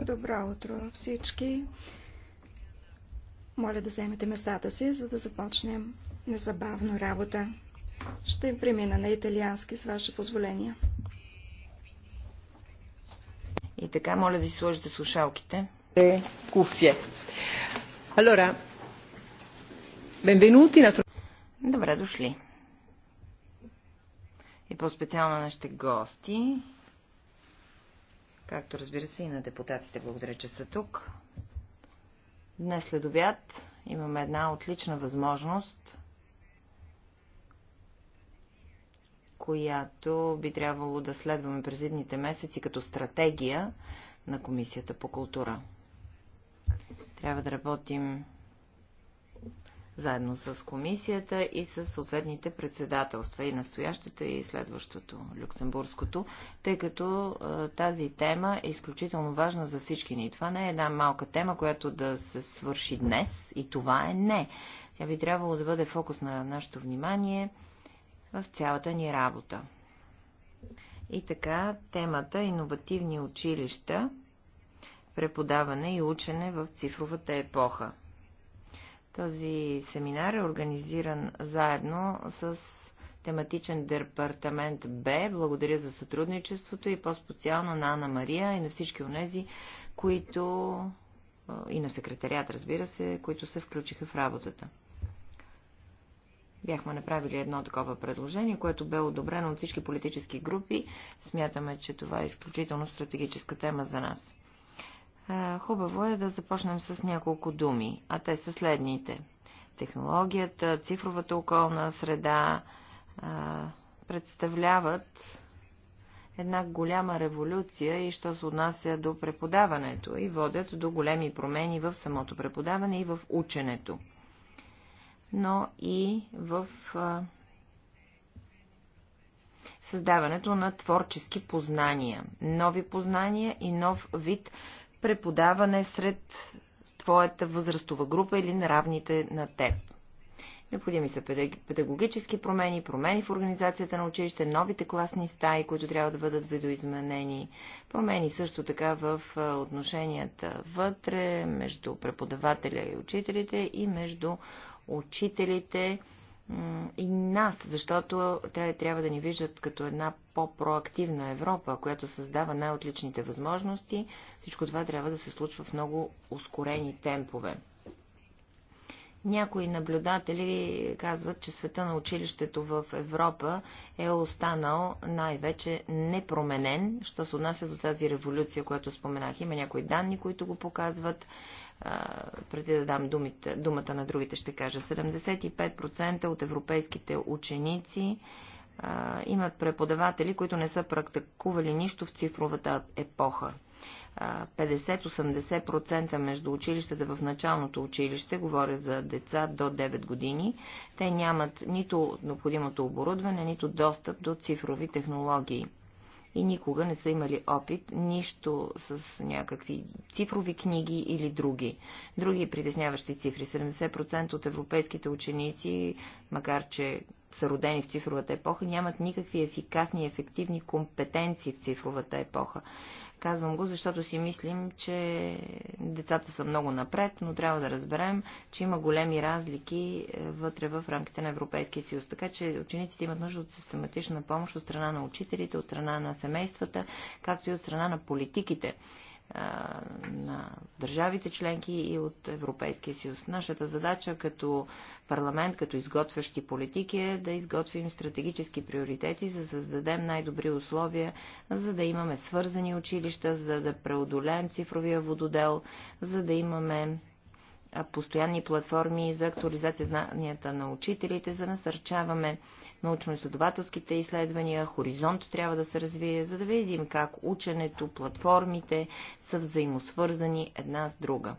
Добро утро всички. Моля да вземете местата си, за да започнем незабавно работа. Ще им премина на италиански, с ваше позволение. И така, моля да си сложите слушалките. Е, Куфие. Allora, benvenuti. Добре дошли и по-специално нашите гости, както разбира се и на депутатите. Благодаря, че са тук. Днес след обяд имаме една отлична възможност, която би трябвало да следваме през едните месеци като стратегия на Комисията по култура. Трябва да работим заедно с комисията и с съответните председателства и настоящата и следващото, люксембургското, тъй като тази тема е изключително важна за всички ни. Това не е една малка тема, която да се свърши днес и това е не. Тя би трябвало да бъде фокус на нашето внимание в цялата ни работа. И така, темата иновативни училища, преподаване и учене в цифровата епоха – този семинар е организиран заедно с тематичен департамент Б. Благодаря за сътрудничеството и по-специално на Анна Мария и на всички онези, които и на секретарят, разбира се, които се включиха в работата. Бяхме направили едно такова предложение, което бе одобрено от всички политически групи. Смятаме, че това е изключително стратегическа тема за нас. Хубаво е да започнем с няколко думи, а те са следните. Технологията, цифровата околна среда представляват една голяма революция и що се отнася до преподаването и водят до големи промени в самото преподаване и в ученето, но и в създаването на творчески познания, нови познания и нов вид преподаване сред твоята възрастова група или на равните на теб. Необходими са педагогически промени, промени в организацията на училище, новите класни стаи, които трябва да бъдат видоизменени, промени също така в отношенията вътре, между преподавателя и учителите и между учителите и нас, защото те трябва да ни виждат като една по-проактивна Европа, която създава най-отличните възможности. Всичко това трябва да се случва в много ускорени темпове. Някои наблюдатели казват, че света на училището в Европа е останал най-вече непроменен, що се отнася до тази революция, която споменах. Има някои данни, които го показват преди да дам думите, думата на другите, ще кажа. 75% от европейските ученици а, имат преподаватели, които не са практикували нищо в цифровата епоха. 50-80% между училищата в началното училище, говоря за деца до 9 години, те нямат нито необходимото оборудване, нито достъп до цифрови технологии и никога не са имали опит, нищо с някакви цифрови книги или други. Други притесняващи цифри. 70% от европейските ученици, макар че са родени в цифровата епоха, нямат никакви ефикасни и ефективни компетенции в цифровата епоха. Казвам го, защото си мислим, че децата са много напред, но трябва да разберем, че има големи разлики е, вътре в рамките на Европейския съюз. Така че учениците имат нужда от систематична помощ от страна на учителите, от страна на семействата, както и от страна на политиките на държавите членки и от Европейския съюз. Нашата задача като парламент, като изготвящи политики е да изготвим стратегически приоритети, за да създадем най-добри условия, за да имаме свързани училища, за да преодолеем цифровия вододел, за да имаме постоянни платформи за актуализация знанията на учителите, за да насърчаваме научно-изследователските изследвания, хоризонт трябва да се развие, за да видим как ученето, платформите са взаимосвързани една с друга.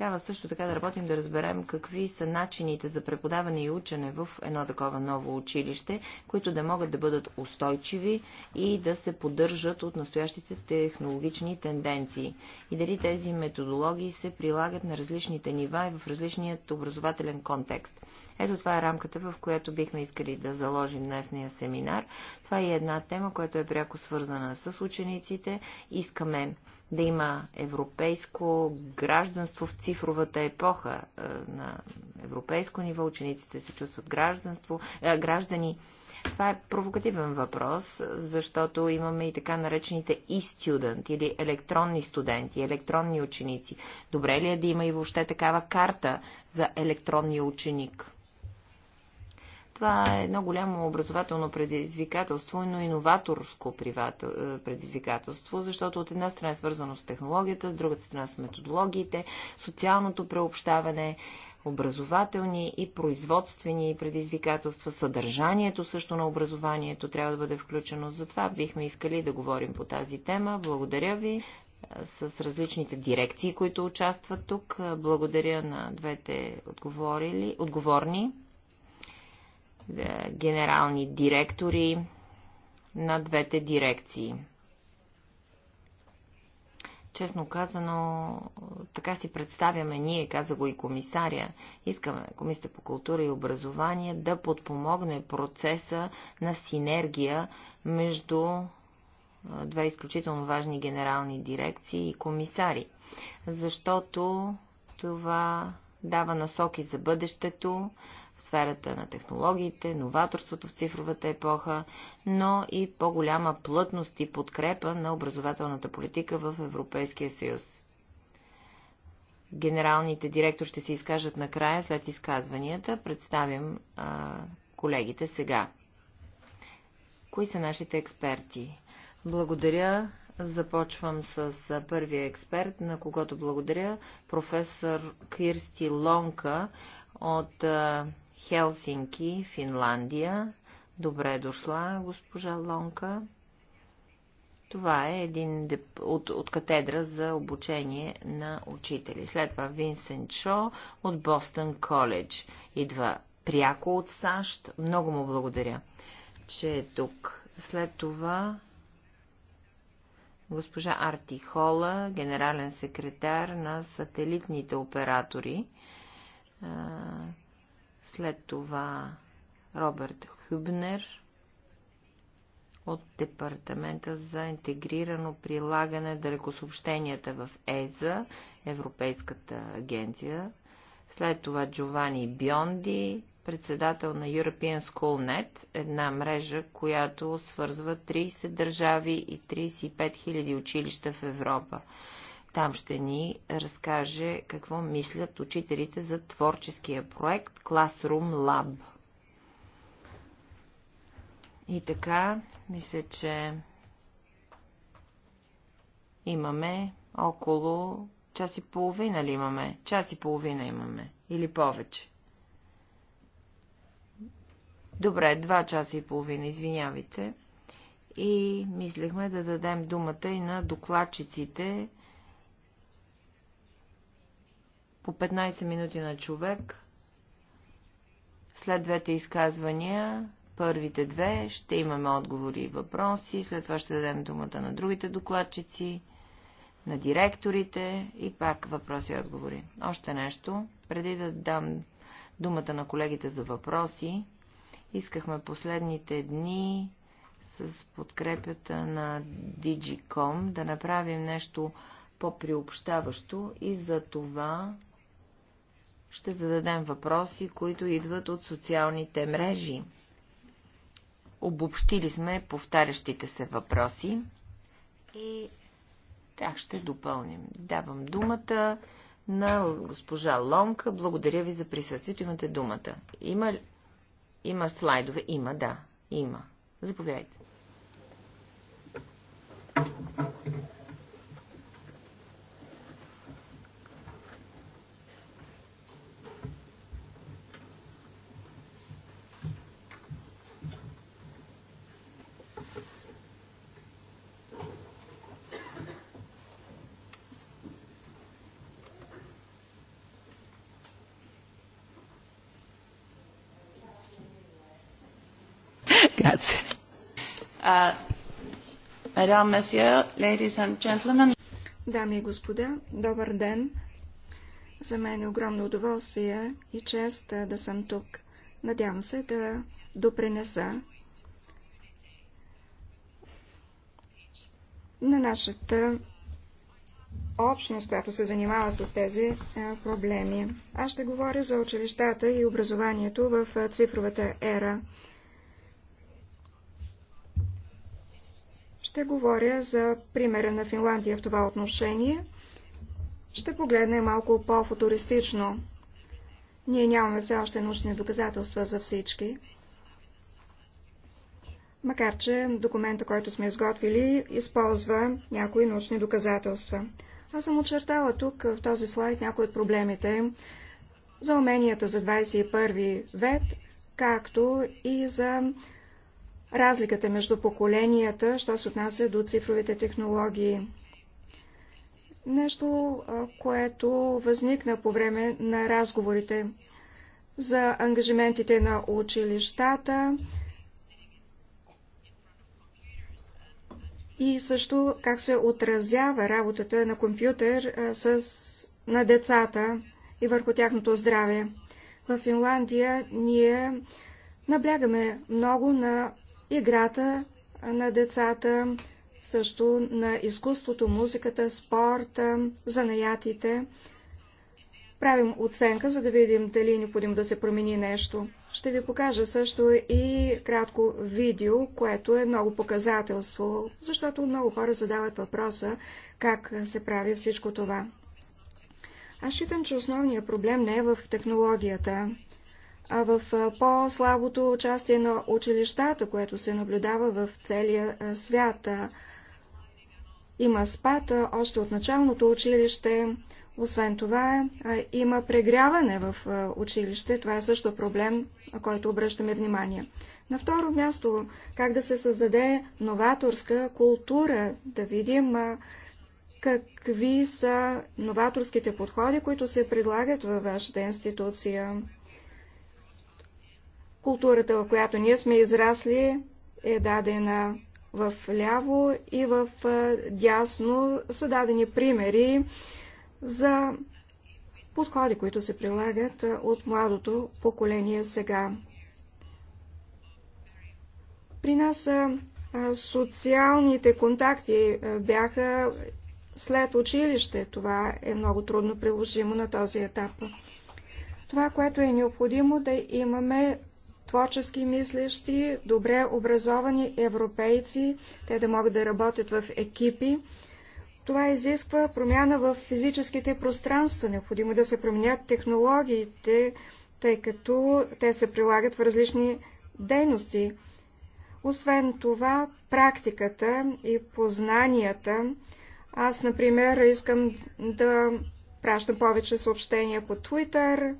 Трябва също така да работим да разберем какви са начините за преподаване и учене в едно такова ново училище, които да могат да бъдат устойчиви и да се поддържат от настоящите технологични тенденции. И дали тези методологии се прилагат на различните нива и в различният образователен контекст. Ето това е рамката, в която бихме искали да заложим днесния семинар. Това е една тема, която е пряко свързана с учениците. Искаме да има европейско гражданство в цифровата епоха. Е, на европейско ниво учениците се чувстват гражданство, е, граждани. Това е провокативен въпрос, защото имаме и така наречените e-student или електронни студенти, електронни ученици. Добре ли е да има и въобще такава карта за електронния ученик? Това е едно голямо образователно предизвикателство, но иноваторско е, предизвикателство, защото от една страна е свързано с технологията, с другата страна с методологиите, социалното преобщаване, образователни и производствени предизвикателства, съдържанието също на образованието трябва да бъде включено. Затова бихме искали да говорим по тази тема. Благодаря ви е, с различните дирекции, които участват тук. Благодаря на двете отговорили, отговорни. Е, генерални директори на двете дирекции. Честно казано, така си представяме ние, каза го и комисаря, искаме Комисията по култура и образование да подпомогне процеса на синергия между е, две изключително важни генерални дирекции и комисари, защото това дава насоки за бъдещето, в сферата на технологиите, новаторството в цифровата епоха, но и по-голяма плътност и подкрепа на образователната политика в Европейския съюз. Генералните директори ще се изкажат накрая след изказванията. Представям а, колегите сега. Кои са нашите експерти? Благодаря. Започвам с първия експерт, на когото благодаря, професор Кирсти Лонка от Хелсинки, Финландия. Добре дошла, госпожа Лонка. Това е един деп... от, от катедра за обучение на учители. След това Винсент Шо от Бостън Коледж. Идва пряко от САЩ. Много му благодаря, че е тук. След това госпожа Арти Хола, генерален секретар на сателитните оператори след това Робърт Хюбнер от Департамента за интегрирано прилагане далекосъобщенията в ЕЗА, Европейската агенция. След това Джовани Бьонди, председател на European SchoolNet, една мрежа, която свързва 30 държави и 35 000 училища в Европа. Там ще ни разкаже какво мислят учителите за творческия проект Classroom Lab. И така, мисля, че имаме около час и половина ли имаме? Час и половина имаме. Или повече. Добре, два часа и половина, извинявайте. И мислехме да дадем думата и на докладчиците по 15 минути на човек. След двете изказвания, първите две, ще имаме отговори и въпроси, след това ще дадем думата на другите докладчици, на директорите и пак въпроси и отговори. Още нещо, преди да дам думата на колегите за въпроси, искахме последните дни с подкрепята на Digicom да направим нещо по-приобщаващо и за това ще зададем въпроси, които идват от социалните мрежи. Обобщили сме повтарящите се въпроси и тях ще допълним. Давам думата на госпожа Лонка. Благодаря ви за присъствието. Имате думата. Има, има слайдове? Има, да. Има. Заповядайте. Uh, Дами и господа, добър ден! За мен е огромно удоволствие и чест да съм тук. Надявам се да допринеса на нашата общност, която се занимава с тези проблеми. Аз ще говоря за училищата и образованието в цифровата ера. Ще говоря за примера на Финландия в това отношение. Ще погледне малко по-футуристично. Ние нямаме все още научни доказателства за всички. Макар, че документа, който сме изготвили, използва някои научни доказателства. Аз съм очертала тук в този слайд някои от проблемите за уменията за 21 век, както и за разликата между поколенията, що се отнася до цифровите технологии. Нещо, което възникна по време на разговорите за ангажиментите на училищата и също как се отразява работата на компютър с, на децата и върху тяхното здраве. В Финландия ние наблягаме много на играта на децата, също на изкуството, музиката, спорта, занаятите. Правим оценка, за да видим дали е необходимо да се промени нещо. Ще ви покажа също и кратко видео, което е много показателство, защото много хора задават въпроса как се прави всичко това. Аз считам, че основният проблем не е в технологията а в по-слабото участие на училищата, което се наблюдава в целия свят. Има спад още от началното училище. Освен това, има прегряване в училище. Това е също проблем, на който обръщаме внимание. На второ място, как да се създаде новаторска култура, да видим какви са новаторските подходи, които се предлагат във вашата институция Културата, в която ние сме израсли, е дадена в ляво и в дясно са дадени примери за подходи, които се прилагат от младото поколение сега. При нас социалните контакти бяха след училище. Това е много трудно приложимо на този етап. Това, което е необходимо да имаме творчески мислещи, добре образовани европейци, те да могат да работят в екипи. Това изисква промяна в физическите пространства. Необходимо е да се променят технологиите, тъй като те се прилагат в различни дейности. Освен това, практиката и познанията. Аз, например, искам да пращам повече съобщения по Twitter,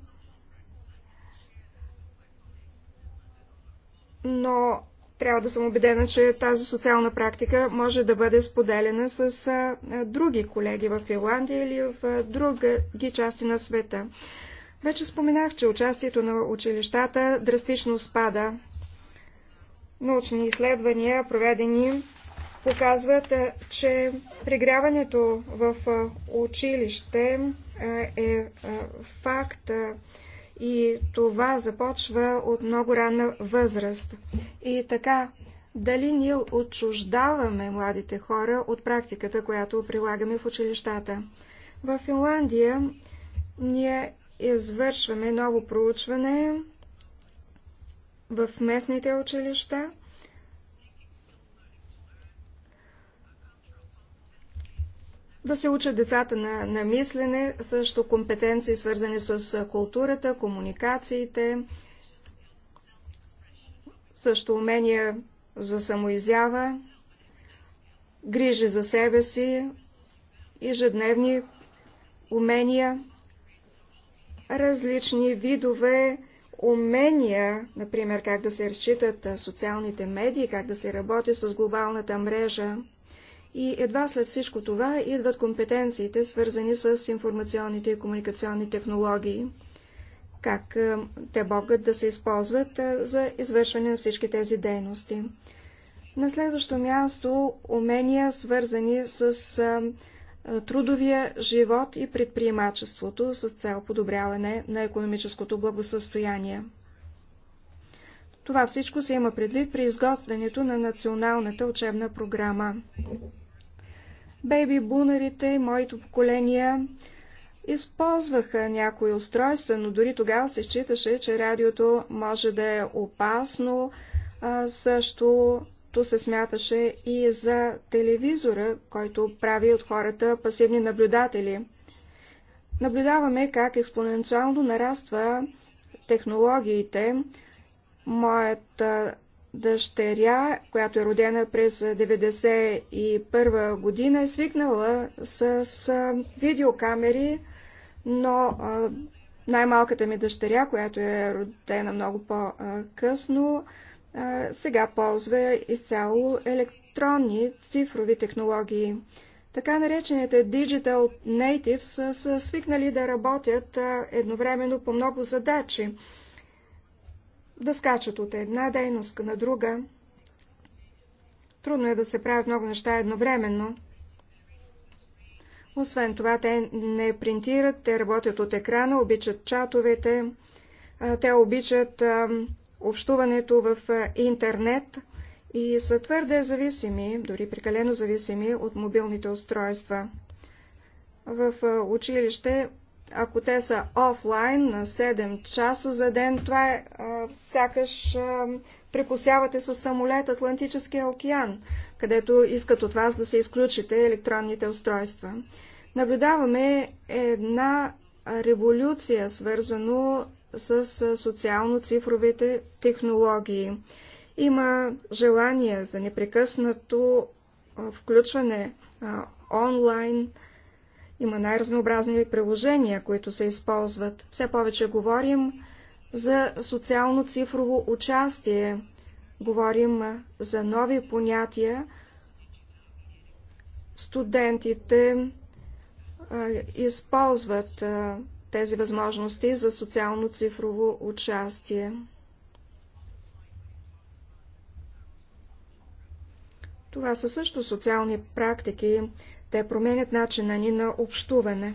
но трябва да съм убедена, че тази социална практика може да бъде споделена с други колеги в Ирландия или в други части на света. Вече споменах, че участието на училищата драстично спада. Научни изследвания, проведени, показват, че прегряването в училище е факт и това започва от много ранна възраст. И така, дали ние отчуждаваме младите хора от практиката, която прилагаме в училищата? В Финландия ние извършваме ново проучване в местните училища да се учат децата на, на мислене, също компетенции, свързани с културата, комуникациите, също умения за самоизява, грижи за себе си, ежедневни умения, различни видове умения, например как да се разчитат социалните медии, как да се работи с глобалната мрежа, и едва след всичко това идват компетенциите, свързани с информационните и комуникационни технологии, как е, те могат да се използват е, за извършване на всички тези дейности. На следващо място умения, свързани с е, трудовия живот и предприемачеството с цел подобряване на економическото благосъстояние. Това всичко се има предвид при изготвянето на националната учебна програма. Бейби бунарите и моето поколение използваха някои устройства, но дори тогава се считаше, че радиото може да е опасно. А, също то се смяташе и за телевизора, който прави от хората пасивни наблюдатели. Наблюдаваме как експоненциално нараства технологиите. Моят дъщеря, която е родена през 1991 година, е свикнала с, видеокамери, но най-малката ми дъщеря, която е родена много по-късно, сега ползва изцяло електронни цифрови технологии. Така наречените Digital Natives са свикнали да работят едновременно по много задачи да скачат от една дейност на друга. Трудно е да се правят много неща едновременно. Освен това, те не принтират, те работят от екрана, обичат чатовете, те обичат общуването в интернет и са твърде зависими, дори прекалено зависими от мобилните устройства. В училище ако те са офлайн на 7 часа за ден, това е а, сякаш а, прекусявате с самолет Атлантическия океан, където искат от вас да се изключите електронните устройства. Наблюдаваме една революция, свързано с социално-цифровите технологии. Има желание за непрекъснато включване онлайн има най-разнообразни приложения, които се използват. Все повече говорим за социално цифрово участие. Говорим за нови понятия. Студентите а, използват а, тези възможности за социално цифрово участие. Това са също социални практики, те променят начина ни на общуване.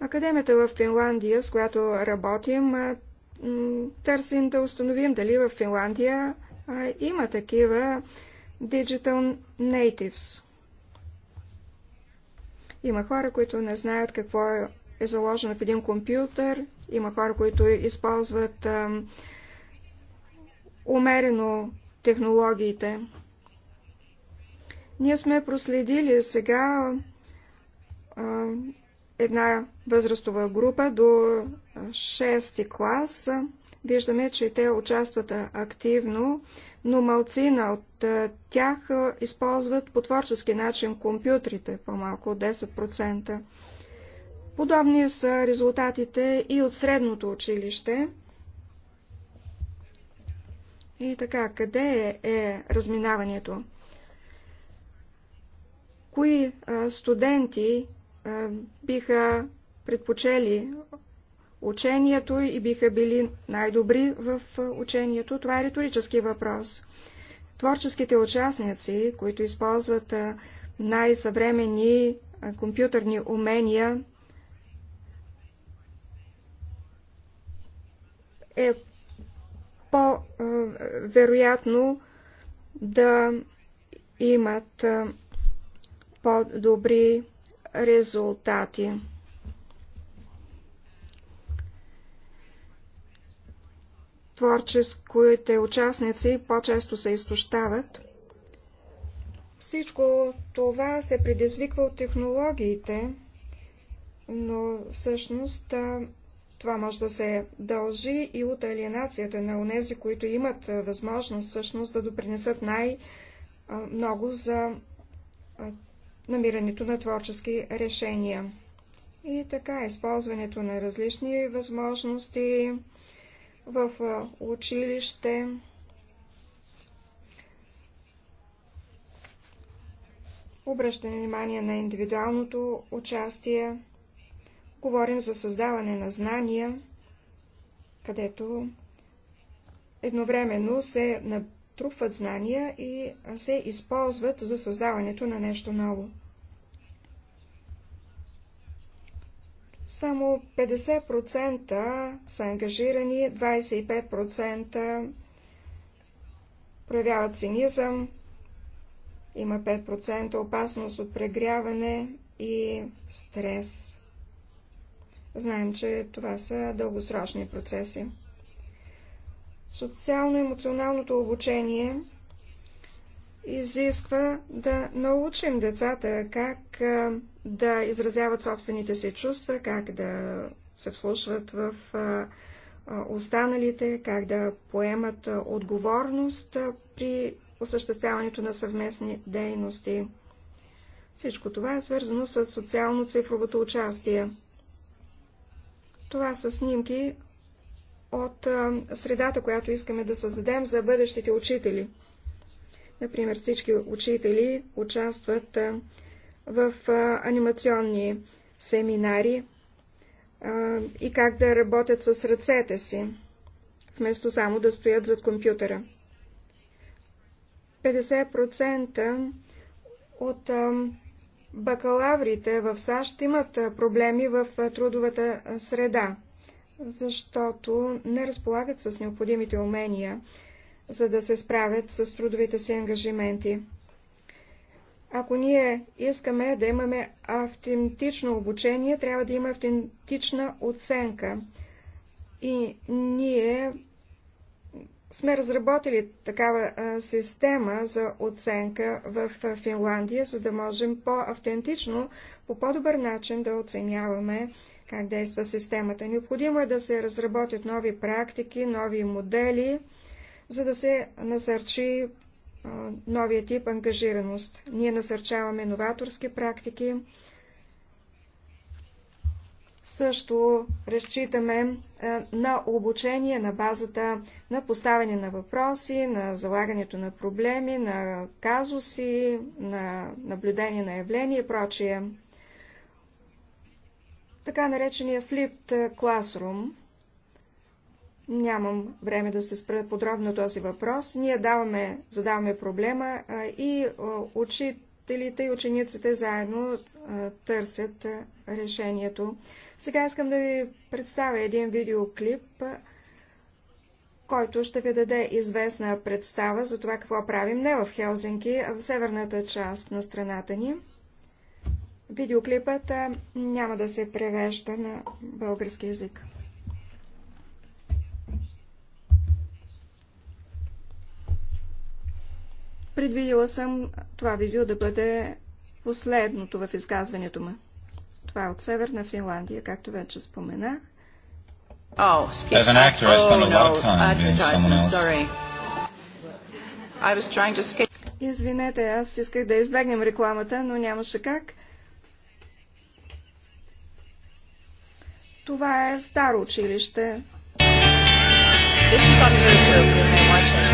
Академията в Финландия, с която работим, търсим да установим дали в Финландия има такива digital natives. Има хора, които не знаят какво е, е заложено в един компютър, има хора, които използват умерено технологиите. Ние сме проследили сега а, една възрастова група до 6 клас. Виждаме, че те участват активно, но малцина от тях използват по творчески начин компютрите, по-малко от 10%. Подобни са резултатите и от средното училище. И така, къде е, е разминаването? кои студенти биха предпочели учението и биха били най-добри в учението? Това е риторически въпрос. Творческите участници, които използват най-съвремени компютърни умения, е по-вероятно да имат по-добри резултати. Творческите участници по-често се изтощават. Всичко това се предизвиква от технологиите, но всъщност това може да се дължи и от алиенацията на онези, които имат възможност всъщност да допринесат най-много за намирането на творчески решения. И така, използването на различни възможности в училище, обръщане внимание на индивидуалното участие, говорим за създаване на знания, където едновременно се трупват знания и се използват за създаването на нещо ново. Само 50% са ангажирани, 25% проявяват цинизъм, има 5% опасност от прегряване и стрес. Знаем, че това са дългосрочни процеси. Социално-емоционалното обучение изисква да научим децата как да изразяват собствените си чувства, как да се вслушват в останалите, как да поемат отговорност при осъществяването на съвместни дейности. Всичко това е свързано с социално-цифровото участие. Това са снимки от средата, която искаме да създадем за бъдещите учители. Например, всички учители участват в анимационни семинари и как да работят с ръцете си, вместо само да стоят зад компютъра. 50% от бакалаврите в САЩ имат проблеми в трудовата среда защото не разполагат с необходимите умения, за да се справят с трудовите си ангажименти. Ако ние искаме да имаме автентично обучение, трябва да има автентична оценка. И ние сме разработили такава система за оценка в Финландия, за да можем по-автентично, по по-добър начин да оценяваме как действа системата. Необходимо е да се разработят нови практики, нови модели, за да се насърчи новия тип ангажираност. Ние насърчаваме новаторски практики. Също разчитаме на обучение на базата на поставяне на въпроси, на залагането на проблеми, на казуси, на наблюдение на явления и прочие така наречения Flipped е, Classroom. Нямам време да се спра подробно този въпрос. Ние даваме, задаваме проблема и учителите и учениците заедно търсят решението. Сега искам да ви представя един видеоклип, който ще ви даде известна представа за това какво правим не в Хелзинки, а в северната част на страната ни. Видеоклипът няма да се превежда на български язик. Предвидила съм това видео да бъде последното в изказването му. Това е от Северна Финландия, както вече споменах. Oh, As an actor, I spend a oh, lot of time being someone else. Извинете, аз исках да избегнем рекламата, но нямаше как. Това е старо училище. This is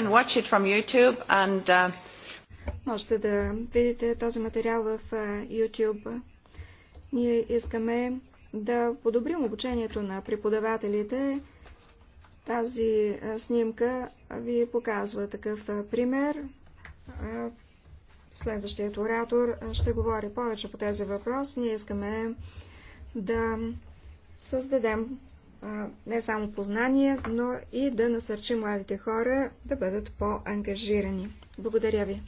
can watch it from YouTube and uh, Можете да видите този материал в YouTube. Ние искаме да подобрим обучението на преподавателите. Тази снимка ви показва такъв пример. Следващият оратор ще говори повече по тези въпрос. Ние искаме да създадем не само познания, но и да насърчи младите хора да бъдат по-ангажирани. Благодаря ви.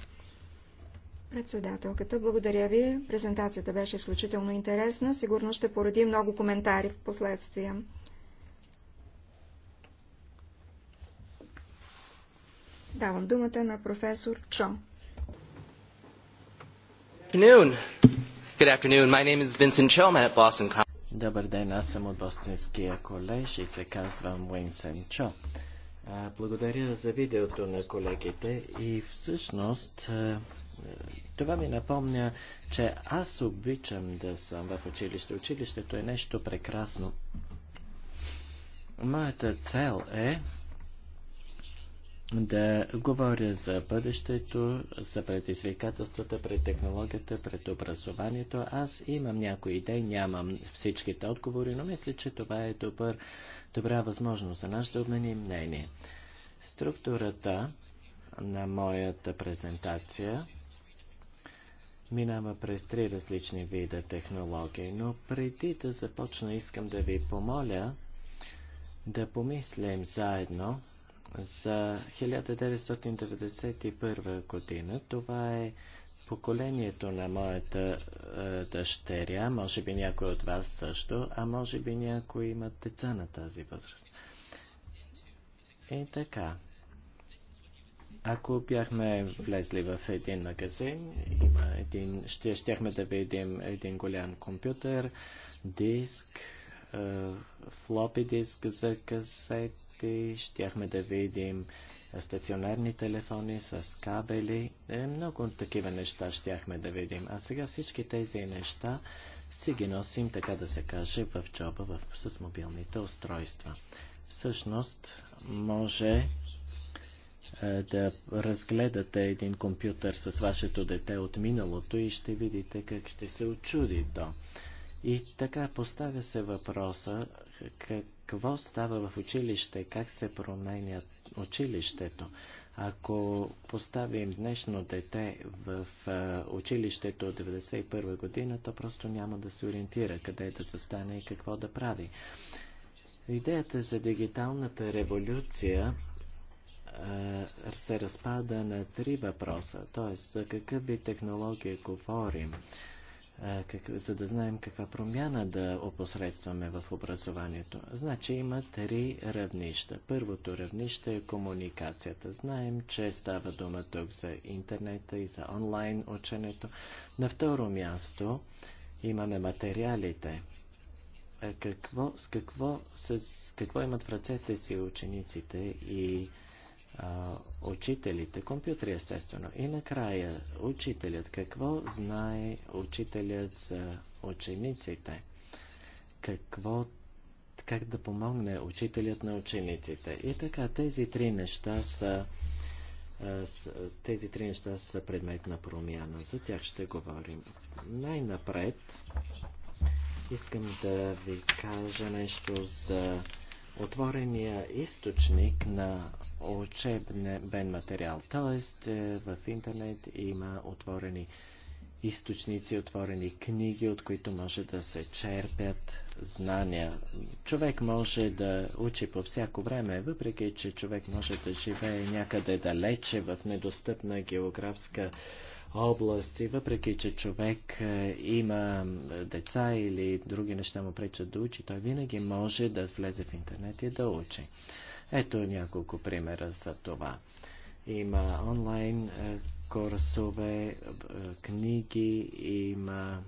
Председателката, благодаря ви. Презентацията беше изключително интересна. Сигурно ще породи много коментари в последствия. Давам думата на професор Чо. Good afternoon. Good afternoon. My name is Vincent Cho. I'm at Boston Добър ден, аз съм от Бостинския колеж и се казвам Уинсен Чо. Благодаря за видеото на колегите и всъщност това ми напомня, че аз обичам да съм в училище. Училището е нещо прекрасно. Моята цел е да говоря за бъдещето, за предизвикателствата, пред технологията, пред образованието. Аз имам някои идеи, нямам всичките отговори, но мисля, че това е добър, добра възможност за нас да обменим мнение. Структурата на моята презентация минава през три различни вида технологии, но преди да започна искам да ви помоля да помислим заедно за 1991 година. Това е поколението на моята е, дъщеря, може би някой от вас също, а може би някой има деца на тази възраст. И така. Ако бяхме влезли в един магазин, има един, ще, щяхме да видим един голям компютър, диск, е, флопи диск за касет, продукти, щяхме да видим стационарни телефони с кабели. Е, много такива неща щяхме да видим. А сега всички тези неща си ги носим, така да се каже, в джоба в, с мобилните устройства. Всъщност, може е, да разгледате един компютър с вашето дете от миналото и ще видите как ще се очуди то. И така поставя се въпроса как, какво става в училище, как се променя училището. Ако поставим днешно дете в училището от 1991 година, то просто няма да се ориентира къде да застане и какво да прави. Идеята за дигиталната революция се разпада на три въпроса, т.е. за какъв вид технология говорим, как, за да знаем каква промяна да опосредстваме в образованието. Значи има три равнища. Първото равнище е комуникацията. Знаем, че става дума тук за интернета и за онлайн ученето. На второ място имаме материалите. Какво, с какво, с какво имат в ръцете си учениците и учителите, компютри естествено. И накрая, учителят, какво знае учителят за учениците? Какво, как да помогне учителят на учениците? И така, тези три неща са тези три неща са предмет на промяна. За тях ще говорим. Най-напред искам да ви кажа нещо за отворения източник на учебен материал. Тоест е, в интернет има отворени източници, отворени книги, от които може да се черпят знания. Човек може да учи по всяко време, въпреки че човек може да живее някъде далече в недостъпна географска области, въпреки че човек е, има деца или други неща му пречат да учи, той винаги може да влезе в интернет и да учи. Ето няколко примера за това. Има онлайн е, курсове, е, книги, има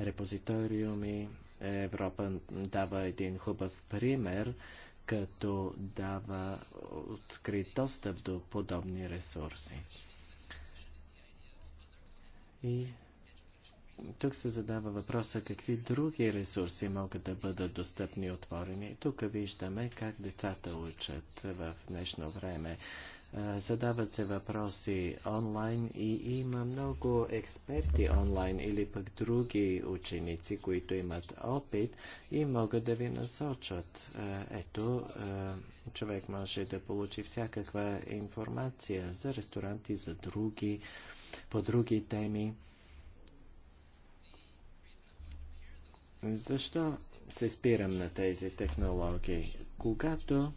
репозиториуми. Европа дава един хубав пример, като дава открит достъп до подобни ресурси. И тук се задава въпроса какви други ресурси могат да бъдат достъпни и отворени. Тук виждаме как децата учат в днешно време. Задават се въпроси онлайн и има много експерти онлайн или пък други ученици, които имат опит и могат да ви насочат. Ето, човек може да получи всякаква информация за ресторанти, за други по други теми. Защо се спирам на тези технологии? Когато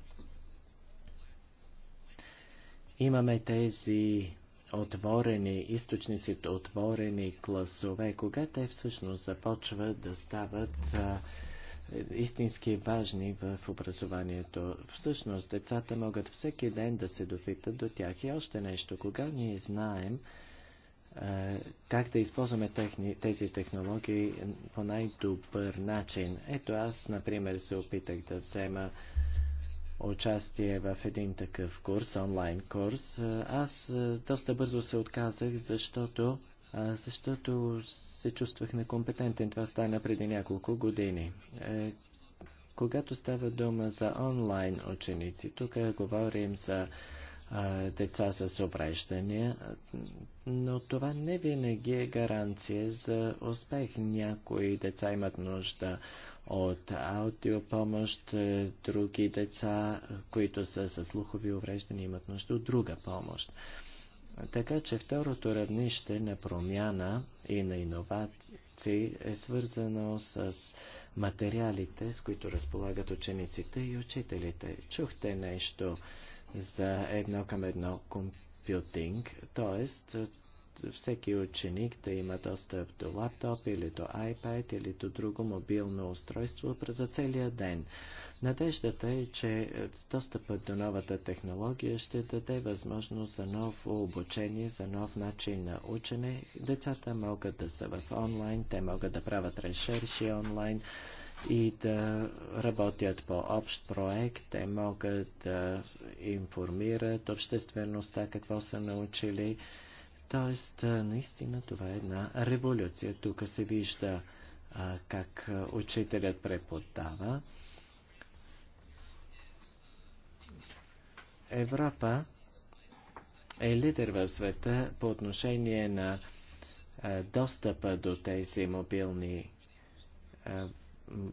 имаме тези отворени източници, отворени класове, кога те всъщност започват да стават а, истински важни в образованието. Всъщност, децата могат всеки ден да се допитат до тях. И още нещо, кога ние знаем, е, как да използваме техни, тези технологии по най-добър начин. Ето аз, например, се опитах да взема участие в един такъв курс, онлайн курс. Е, аз е, доста бързо се отказах, защото, защото се чувствах некомпетентен. Това стана преди няколко години. Когато става дума за онлайн ученици, тук говорим за деца с обреждания, но това не винаги е гаранция за успех. Някои деца имат нужда от аудиопомощ, е, други деца, които са с слухови увреждания, имат нужда от друга помощ. Така че второто равнище на промяна и на иновации е свързано с материалите, с които разполагат учениците и учителите. Чухте нещо за едно към едно компютинг, т.е. всеки ученик да има достъп до лаптоп или до iPad или до друго мобилно устройство за целия ден. Надеждата е, че достъпът до новата технология ще даде възможност за ново обучение, за нов начин на учене. Децата могат да са в онлайн, те могат да правят решерши онлайн, и да работят по общ проект. Те могат да информират обществеността какво са научили. Тоест, наистина това е една революция. Тук се вижда а, как учителят преподава. Европа е лидер в света по отношение на достъпа до тези мобилни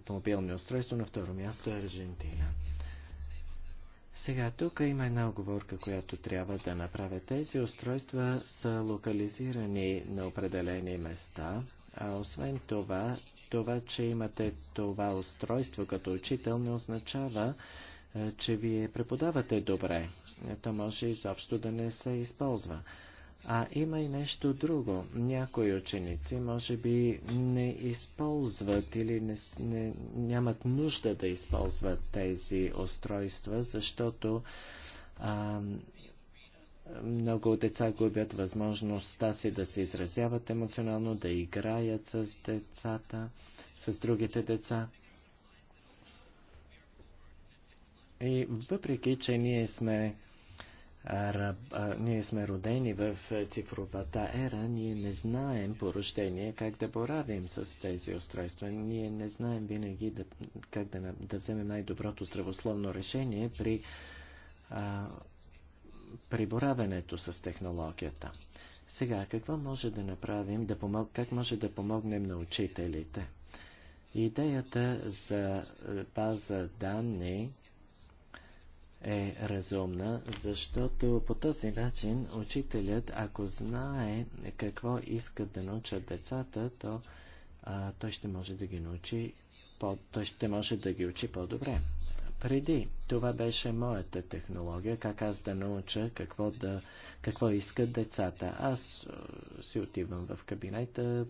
мобилни устройства, на второ място е Аржентина. Сега тук има една оговорка, която трябва да направя. Тези устройства са локализирани на определени места, а освен това, това, че имате това устройство като учител, не означава, е, че вие преподавате добре. Е, то може изобщо да не се използва. А има и нещо друго. Някои ученици може би не използват или не, не, нямат нужда да използват тези устройства, защото а, много деца губят възможността си да се изразяват емоционално, да играят с децата, с другите деца. И въпреки, че ние сме ние сме родени в цифровата ера, ние не знаем по рождение как да боравим с тези устройства. Ние не знаем винаги да, как да, да вземем най-доброто здравословно решение при, а, при боравенето с технологията. Сега, какво може да направим, да помог, как може да помогнем на учителите? Идеята за е, база данни е разумна, защото по този начин учителят, ако знае какво искат да научат децата, то а, той ще може да ги научи, по, той ще може да ги учи по-добре. Преди това беше моята технология, как аз да науча какво, да, какво искат децата. Аз си отивам в кабинета,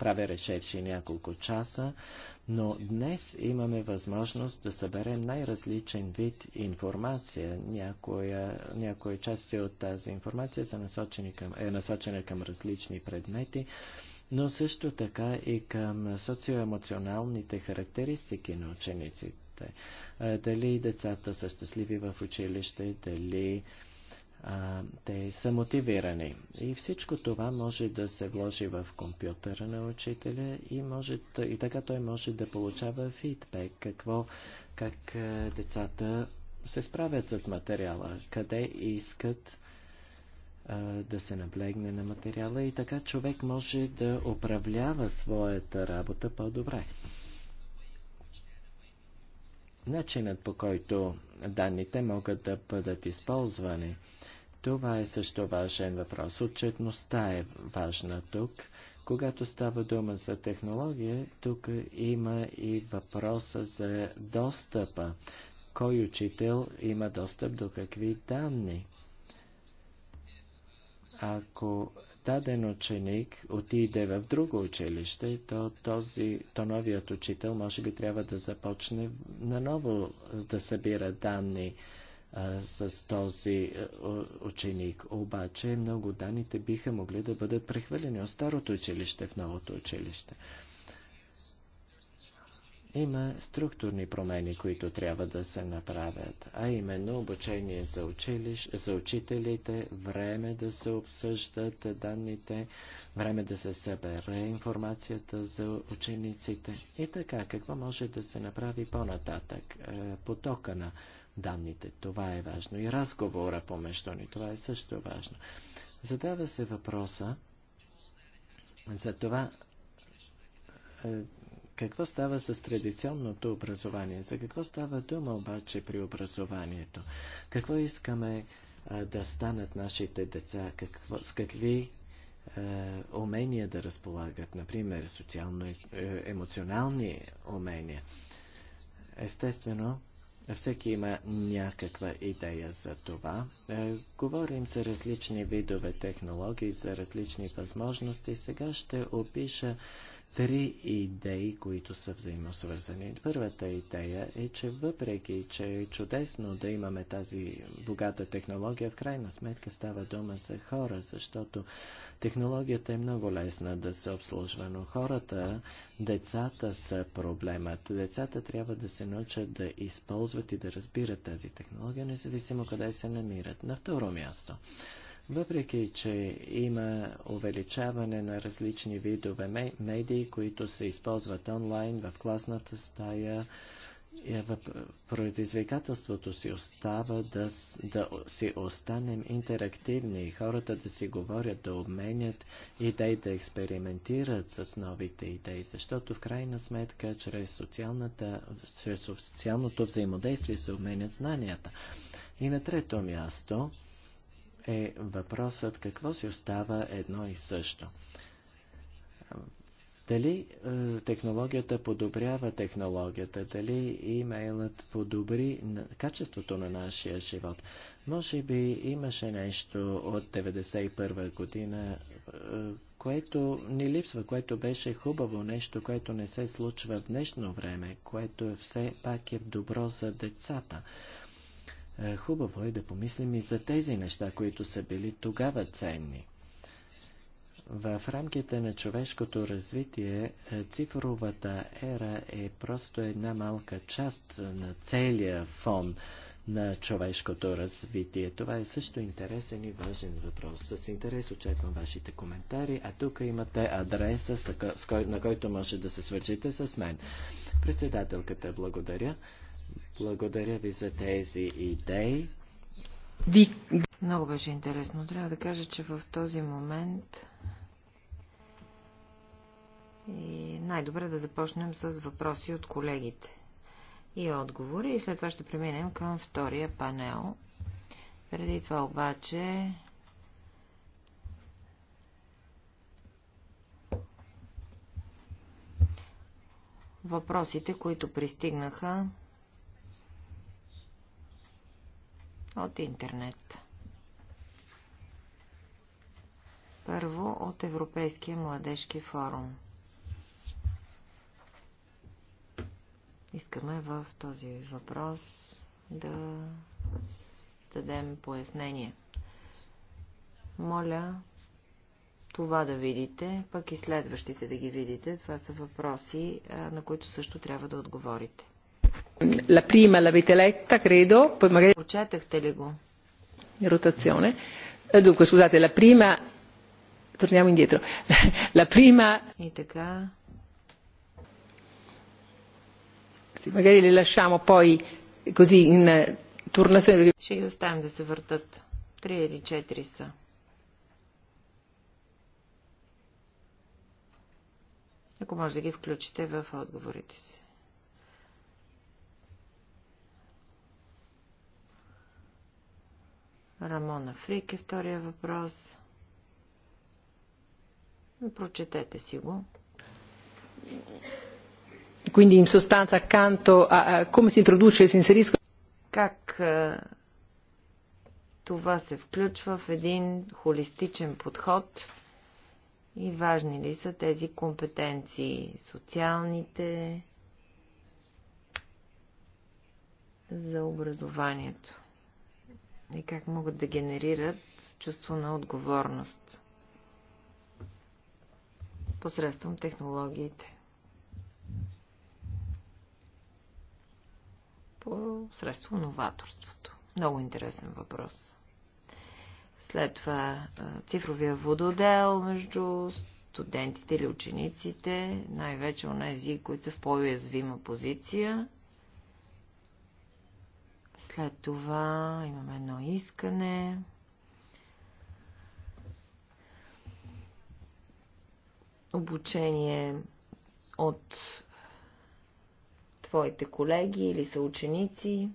правя речечи няколко часа, но днес имаме възможност да съберем най-различен вид информация. Някоя, някои части от тази информация са насочени към, е насочена към различни предмети, но също така и към социоемоционалните характеристики на учениците. Е, дали децата са щастливи в училище, дали а, те са мотивирани. И всичко това може да се вложи в компютъра на учителя и, може, и така той може да получава фидбек, какво, как а, децата се справят с материала, къде искат а, да се наблегне на материала и така човек може да управлява своята работа по-добре начинът по който данните могат да бъдат използвани. Това е също важен въпрос. Отчетността е важна тук. Когато става дума за технология, тук има и въпроса за достъпа. Кой учител има достъп до какви данни? Ако даден ученик отиде в друго училище, то, този, то новият учител може би трябва да започне наново да събира данни а, с този а, ученик. Обаче много данните биха могли да бъдат прехвърлени от старото училище в новото училище. Има структурни промени, които трябва да се направят, а именно обучение за, училищ, за учителите, време да се обсъждат данните, време да се събере информацията за учениците и така, какво може да се направи по-нататък, е, потока на данните, това е важно и разговора помежду ни, това е също важно. Задава се въпроса за това е, какво става с традиционното образование? За какво става дума обаче при образованието? Какво искаме а, да станат нашите деца? Какво, с какви а, умения да разполагат? Например, социално-емоционални е, е, умения. Естествено, всеки има някаква идея за това. Е, говорим за различни видове технологии, за различни възможности. Сега ще опиша три идеи, които са взаимосвързани. Първата идея е, че въпреки, че е чудесно да имаме тази богата технология, в крайна сметка става дума за хора, защото технологията е много лесна да се обслужва, но хората, децата са проблемът. Децата трябва да се научат да използват и да разбират тази технология, независимо къде се намират. На второ място. Въпреки, че има увеличаване на различни видове медии, които се използват онлайн в класната стая, е, предизвикателството си остава да, да си останем интерактивни и хората да си говорят, да обменят идеи, да експериментират с новите идеи, защото в крайна сметка чрез, социалната, чрез социалното взаимодействие се обменят знанията. И на трето място, е въпросът какво си остава едно и също. Дали е, технологията подобрява технологията, дали имейлът подобри качеството на нашия живот. Може би имаше нещо от 1991 година, е, което ни липсва, което беше хубаво нещо, което не се случва в днешно време, което е все пак е добро за децата. Е, хубаво е да помислим и за тези неща, които са били тогава ценни. В рамките на човешкото развитие е, цифровата ера е просто една малка част на целия фон на човешкото развитие. Това е също интересен и важен въпрос. С интерес очаквам вашите коментари, а тук имате адреса, на който може да се свържите с мен. Председателката, благодаря. Благодаря ви за тези идеи. Много беше интересно. Трябва да кажа, че в този момент и е най-добре да започнем с въпроси от колегите и отговори и след това ще преминем към втория панел. Преди това обаче въпросите, които пристигнаха от интернет. Първо от Европейския младежки форум. Искаме в този въпрос да дадем пояснение. Моля това да видите, пък и следващите да ги видите. Това са въпроси, на които също трябва да отговорите. La prima l'avete letta, credo, poi magari... In Rotazione. Dunque, scusate, la prima... Torniamo indietro. La prima... Sì, magari le lasciamo poi così in turnazione. Ще Ако може да ги включите в отговорите си. Рамона Фрик е втория въпрос. Прочетете си го. Quindi in sostanza accanto a, a come si introduce, si inserisce. Как това се включва в един холистичен подход и важни ли са тези компетенции, социалните за образованието и как могат да генерират чувство на отговорност посредством технологиите. Посредством новаторството. Много интересен въпрос. След това цифровия вододел между студентите или учениците, най-вече у нези, които са в по-уязвима позиция – след това имаме едно искане. Обучение от твоите колеги или са ученици.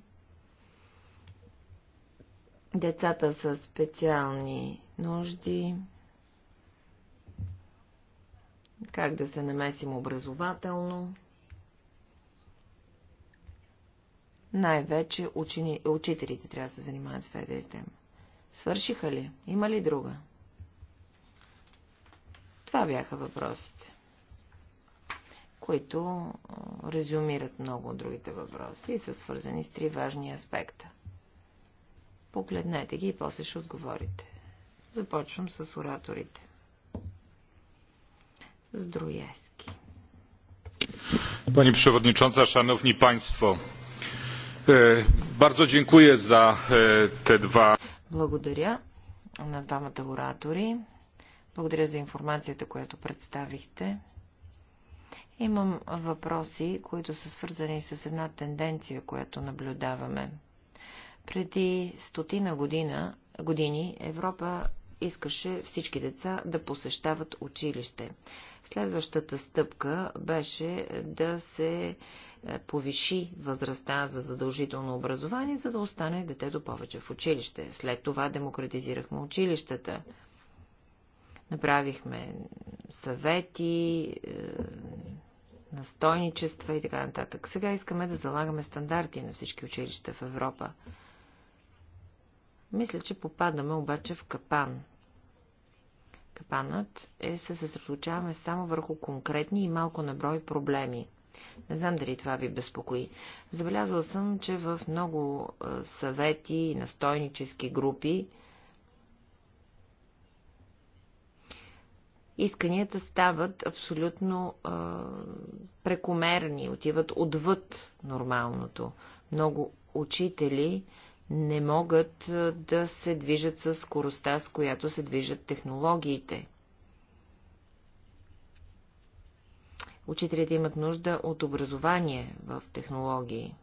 Децата с специални нужди. Как да се намесим образователно. Най-вече учени... учителите трябва да се занимават с тази тема. Свършиха ли? Има ли друга? Това бяха въпросите, които резюмират много от другите въпроси и са свързани с три важни аспекта. Погледнете ги и после ще отговорите. Започвам с ораторите. Zdrujewski. Пани Przewodnicząca, Szanowni Państwo, E, e, Благодаря на двамата оратори. Благодаря за информацията, която представихте. Имам въпроси, които са свързани с една тенденция, която наблюдаваме. Преди стотина година, години Европа искаше всички деца да посещават училище. Следващата стъпка беше да се е, повиши възрастта за задължително образование, за да остане детето повече в училище. След това демократизирахме училищата. Направихме съвети, е, настойничества и така нататък. Сега искаме да залагаме стандарти на всички училища в Европа. Мисля, че попадаме обаче в капан. Капанът е се съсредоточаваме само върху конкретни и малко наброй проблеми. Не знам дали това ви безпокои. Забелязал съм, че в много съвети и настойнически групи исканията стават абсолютно е, прекомерни, отиват отвъд нормалното. Много учители не могат да се движат с скоростта, с която се движат технологиите. Учителите имат нужда от образование в технологии.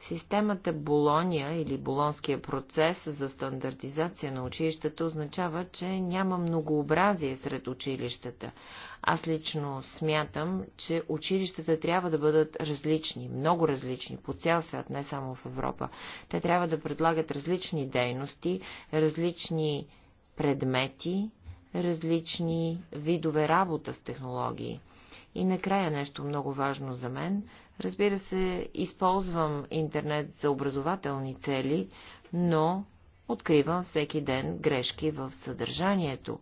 Системата Болония или Болонския процес за стандартизация на училищата означава, че няма многообразие сред училищата. Аз лично смятам, че училищата трябва да бъдат различни, много различни, по цял свят, не само в Европа. Те трябва да предлагат различни дейности, различни предмети, различни видове работа с технологии. И накрая нещо много важно за мен Разбира се, използвам интернет за образователни цели, но откривам всеки ден грешки в съдържанието,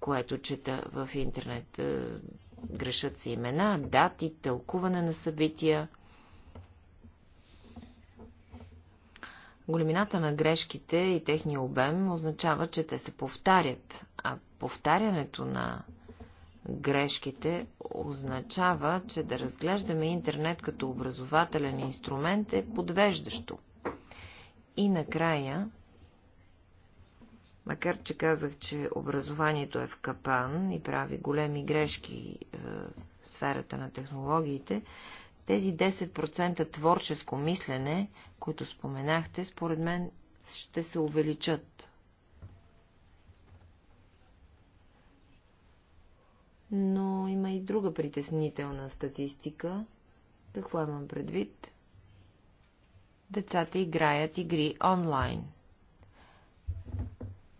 което чета в интернет. Е, грешат се имена, дати, тълкуване на събития. Големината на грешките и техния обем означава, че те се повтарят, а повтарянето на грешките означава, че да разглеждаме интернет като образователен инструмент е подвеждащо. И накрая, макар че казах, че образованието е в капан и прави големи грешки е, в сферата на технологиите, тези 10% творческо мислене, които споменахте, според мен ще се увеличат но има и друга притеснителна статистика. Какво имам предвид? Децата играят игри онлайн.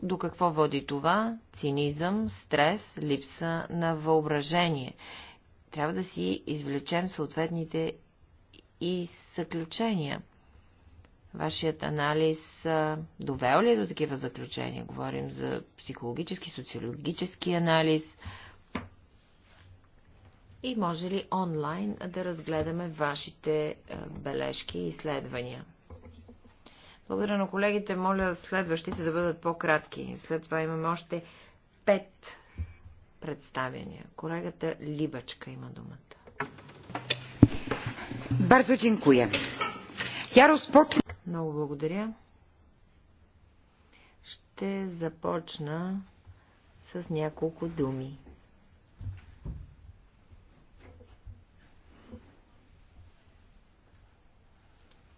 До какво води това? Цинизъм, стрес, липса на въображение. Трябва да си извлечем съответните и заключения. Вашият анализ довел ли е до такива заключения? Говорим за психологически, социологически анализ, и може ли онлайн да разгледаме вашите е, бележки и изследвания. Благодаря на колегите. Моля следващите да бъдат по-кратки. След това имаме още пет представяния. Колегата Либачка има думата. Бързо дзинкуя. Я разпочна... Много благодаря. Ще започна с няколко думи.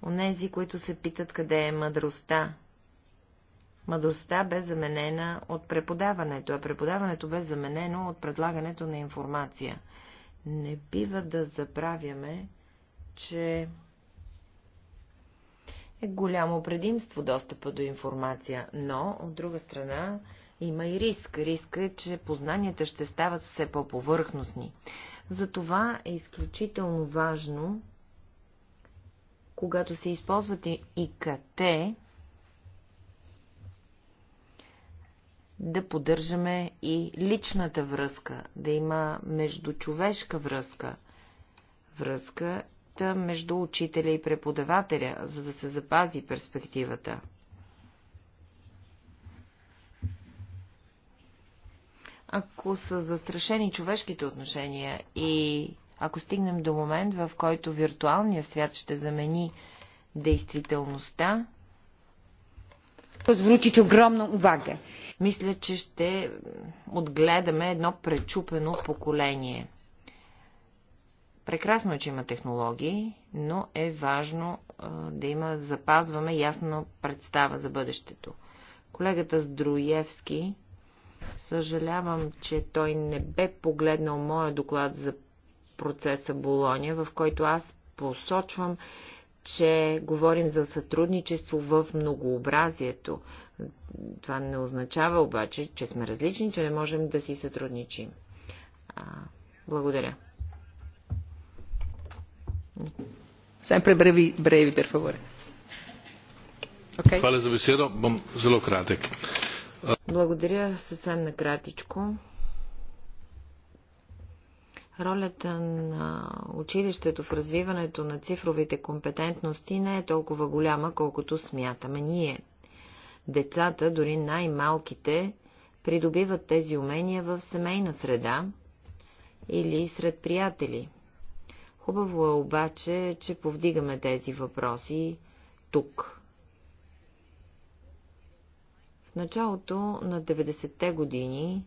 Онези, които се питат къде е мъдростта. Мъдростта бе заменена от преподаването, а преподаването бе заменено от предлагането на информация. Не бива да забравяме, че е голямо предимство достъпа до информация, но, от друга страна, има и риск. Риска е, че познанията ще стават все по-повърхностни. Затова е изключително важно когато се и ИКТ, да поддържаме и личната връзка, да има междучовешка връзка, връзката между учителя и преподавателя, за да се запази перспективата. Ако са застрашени човешките отношения и ако стигнем до момент, в който виртуалният свят ще замени действителността, zwrócić огромна увага. Мисля, че ще отгледаме едно пречупено поколение. Прекрасно е, че има технологии, но е важно а, да има, запазваме ясна представа за бъдещето. Колегата Здруевски, съжалявам, че той не бе погледнал моя доклад за процеса Болония, в който аз посочвам, че говорим за сътрудничество в многообразието. Това не означава обаче, че сме различни, че не можем да си сътрудничим. А, благодаря. Sempre brevi, brevi, per favore. Okay. Hvala za besedo, bom zelo kratek. Благодаря съвсем накратичко. Ролята на училището в развиването на цифровите компетентности не е толкова голяма, колкото смятаме ние. Децата, дори най-малките, придобиват тези умения в семейна среда или сред приятели. Хубаво е обаче, че повдигаме тези въпроси тук. В началото на 90-те години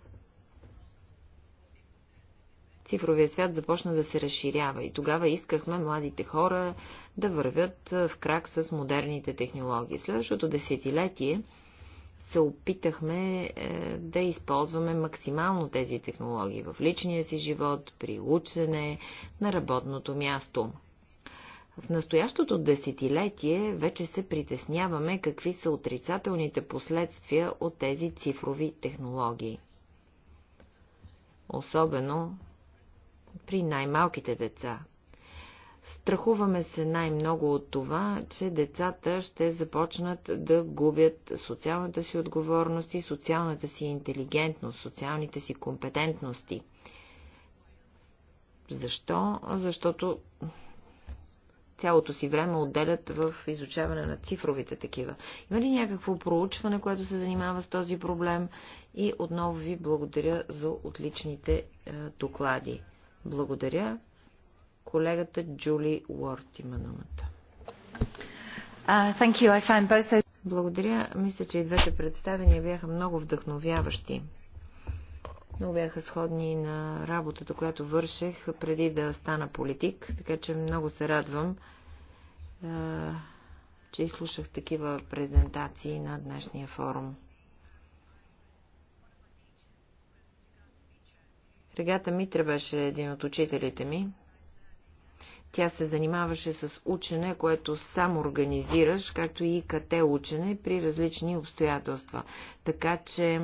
цифровия свят започна да се разширява и тогава искахме младите хора да вървят в крак с модерните технологии. Следващото десетилетие се опитахме е, да използваме максимално тези технологии в личния си живот, при учене, на работното място. В настоящото десетилетие вече се притесняваме какви са отрицателните последствия от тези цифрови технологии. Особено при най-малките деца. Страхуваме се най-много от това, че децата ще започнат да губят социалната си отговорност и социалната си интелигентност, социалните си компетентности. Защо? Защото цялото си време отделят в изучаване на цифровите такива. Има ли някакво проучване, което се занимава с този проблем? И отново ви благодаря за отличните е, доклади. Благодаря. Колегата Джули Уорд има думата. Благодаря. Мисля, че и двете представения бяха много вдъхновяващи. Много бяха сходни на работата, която върших преди да стана политик, така че много се радвам, че изслушах такива презентации на днешния форум. Регата Митра беше един от учителите ми. Тя се занимаваше с учене, което сам организираш, както и КТ учене при различни обстоятелства. Така че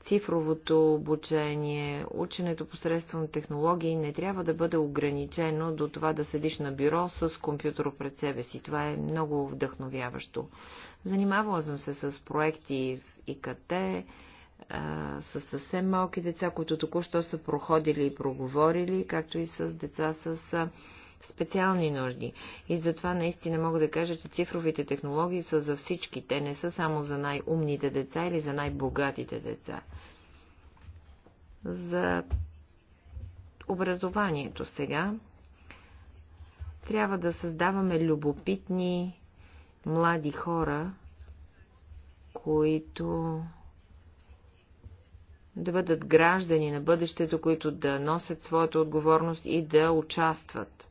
цифровото обучение, ученето посредством технологии не трябва да бъде ограничено до това да седиш на бюро с компютър пред себе си. Това е много вдъхновяващо. Занимавала съм се с проекти в ИКТ, с съвсем малки деца, които току-що са проходили и проговорили, както и с деца с специални нужди. И затова наистина мога да кажа, че цифровите технологии са за всички. Те не са само за най-умните деца или за най-богатите деца. За образованието сега трябва да създаваме любопитни млади хора, които да бъдат граждани на бъдещето, които да носят своята отговорност и да участват.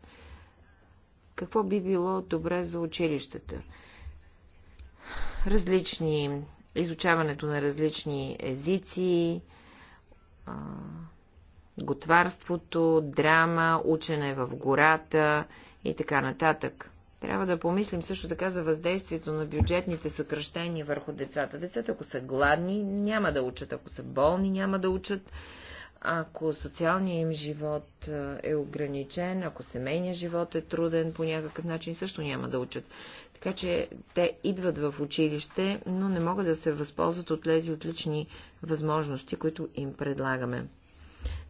Какво би било добре за училищата? Различни, изучаването на различни езици, готварството, драма, учене в гората и така нататък. Трябва да помислим също така за въздействието на бюджетните съкръщения върху децата. Децата, ако са гладни, няма да учат. Ако са болни, няма да учат. Ако социалният им живот е ограничен, ако семейният живот е труден, по някакъв начин също няма да учат. Така че те идват в училище, но не могат да се възползват от тези отлични възможности, които им предлагаме.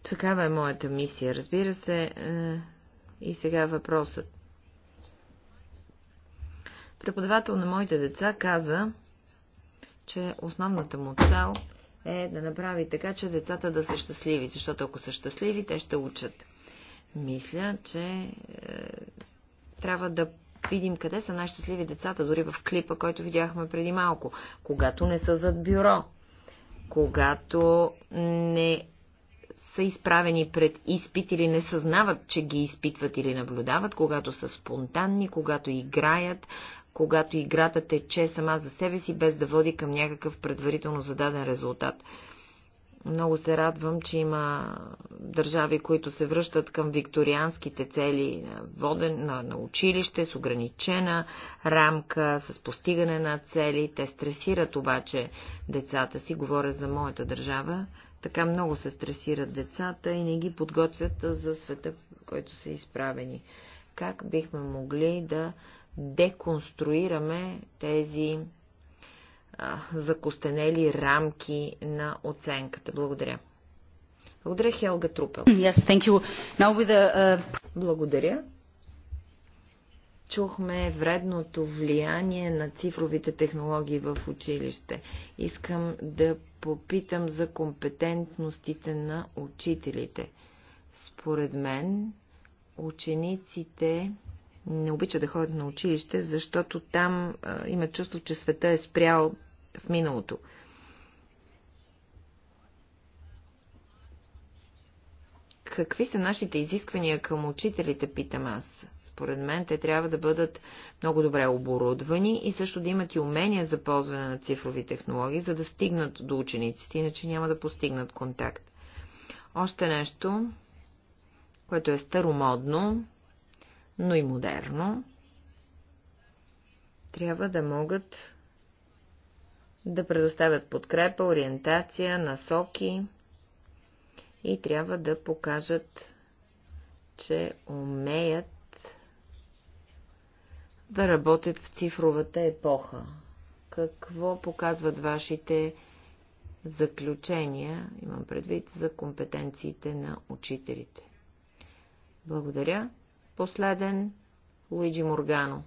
Такава е моята мисия, разбира се. Е, и сега въпросът. Преподавател на моите деца каза, че основната му цел е да направи така, че децата да са щастливи, защото ако са щастливи, те ще учат. Мисля, че е, трябва да видим къде са най-щастливи децата, дори в клипа, който видяхме преди малко. Когато не са зад бюро, когато не са изправени пред изпит или не съзнават, че ги изпитват или наблюдават, когато са спонтанни, когато играят, когато играта тече сама за себе си, без да води към някакъв предварително зададен резултат. Много се радвам, че има държави, които се връщат към викторианските цели на, воден, на, на училище с ограничена рамка, с постигане на цели. Те стресират обаче децата си, говоря за моята държава. Така много се стресират децата и не ги подготвят за света, в който са изправени. Как бихме могли да деконструираме тези а, закостенели рамки на оценката. Благодаря. Благодаря, Хелга Трупел. Yes, thank you. Now with the, uh... Благодаря. Чухме вредното влияние на цифровите технологии в училище. Искам да попитам за компетентностите на учителите. Според мен, учениците не обичат да ходят на училище, защото там има имат чувство, че света е спрял в миналото. Какви са нашите изисквания към учителите, питам аз. Според мен те трябва да бъдат много добре оборудвани и също да имат и умения за ползване на цифрови технологии, за да стигнат до учениците, иначе няма да постигнат контакт. Още нещо, което е старомодно, но и модерно, трябва да могат да предоставят подкрепа, ориентация, насоки и трябва да покажат, че умеят да работят в цифровата епоха. Какво показват вашите заключения, имам предвид за компетенциите на учителите? Благодаря. Последен Луиджи Моргано.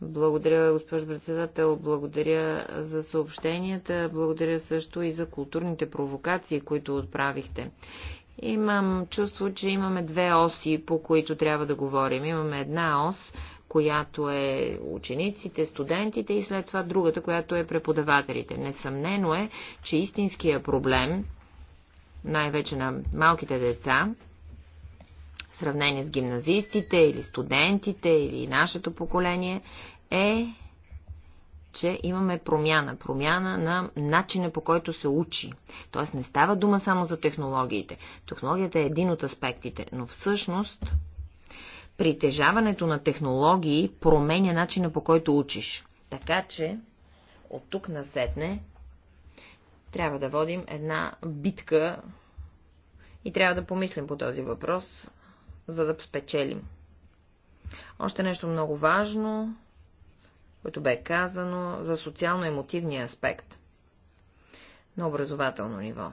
Благодаря, госпожо председател. Благодаря за съобщенията. Благодаря също и за културните провокации, които отправихте. Имам чувство, че имаме две оси, по които трябва да говорим. Имаме една ос, която е учениците, студентите и след това другата, която е преподавателите. Несъмнено е, че истинския проблем, най-вече на малките деца, в сравнение с гимназистите или студентите или нашето поколение, е, че имаме промяна. Промяна на начина по който се учи. Тоест не става дума само за технологиите. Технологията е един от аспектите, но всъщност притежаването на технологии променя начина по който учиш. Така че от тук насетне трябва да водим една битка и трябва да помислим по този въпрос за да спечелим. Още нещо много важно, което бе казано за социално-емотивния аспект на образователно ниво.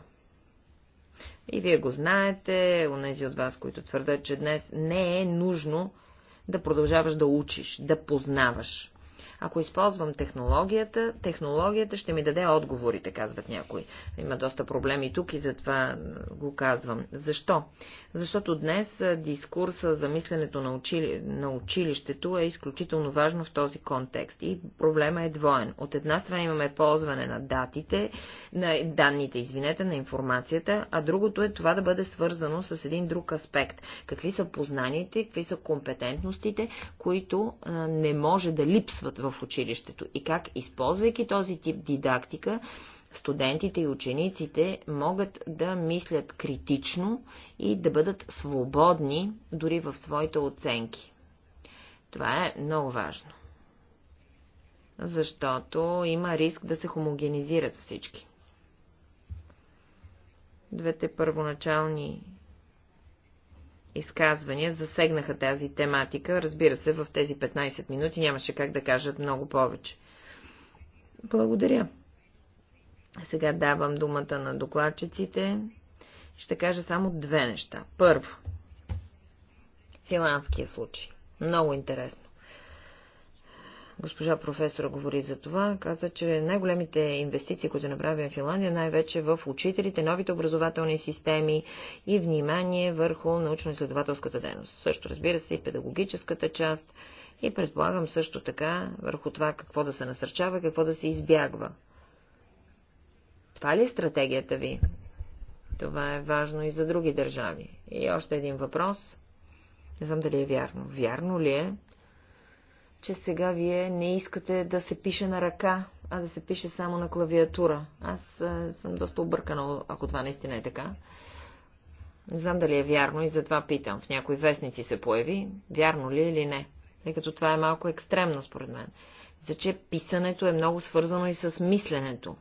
И вие го знаете, онези от вас, които твърдят, че днес не е нужно да продължаваш да учиш, да познаваш. Ако използвам технологията, технологията ще ми даде отговорите, казват някои. Има доста проблеми тук и затова го казвам. Защо? Защото днес дискурса за мисленето на, учили... на училището е изключително важно в този контекст. И проблема е двоен. От една страна имаме ползване на датите, на данните, извинете, на информацията, а другото е това да бъде свързано с един друг аспект. Какви са познаниите, какви са компетентностите, които не може да липсват в в училището и как, използвайки този тип дидактика, студентите и учениците могат да мислят критично и да бъдат свободни дори в своите оценки. Това е много важно. Защото има риск да се хомогенизират всички. Двете първоначални изказвания засегнаха тази тематика. Разбира се, в тези 15 минути нямаше как да кажат много повече. Благодаря. Сега давам думата на докладчиците. Ще кажа само две неща. Първо, финландския случай. Много интересно. Госпожа професора говори за това. Каза, че най-големите инвестиции, които направим в Финландия, най-вече в учителите, новите образователни системи и внимание върху научно-изследователската дейност. Също разбира се и педагогическата част и предполагам също така върху това какво да се насърчава, какво да се избягва. Това ли е стратегията ви? Това е важно и за други държави. И още един въпрос. Не знам дали е вярно. Вярно ли е, че сега вие не искате да се пише на ръка, а да се пише само на клавиатура. Аз а, съм доста объркана, ако това наистина е така. Не знам дали е вярно и затова питам. В някои вестници се появи, вярно ли е или не. Тъй като това е малко екстремно, според мен. За че писането е много свързано и с мисленето.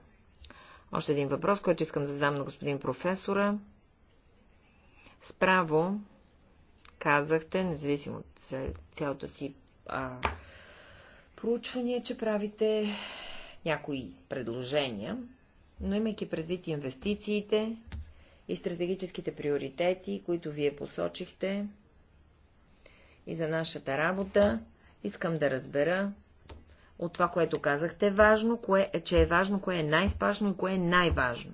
Още един въпрос, който искам да задам на господин професора. Справо казахте, независимо от цялото си а, проучвания, че правите някои предложения, но имайки предвид инвестициите и стратегическите приоритети, които вие посочихте и за нашата работа, искам да разбера от това, което казахте, важно, кое, е, че е важно, кое е най-спашно и кое е най-важно,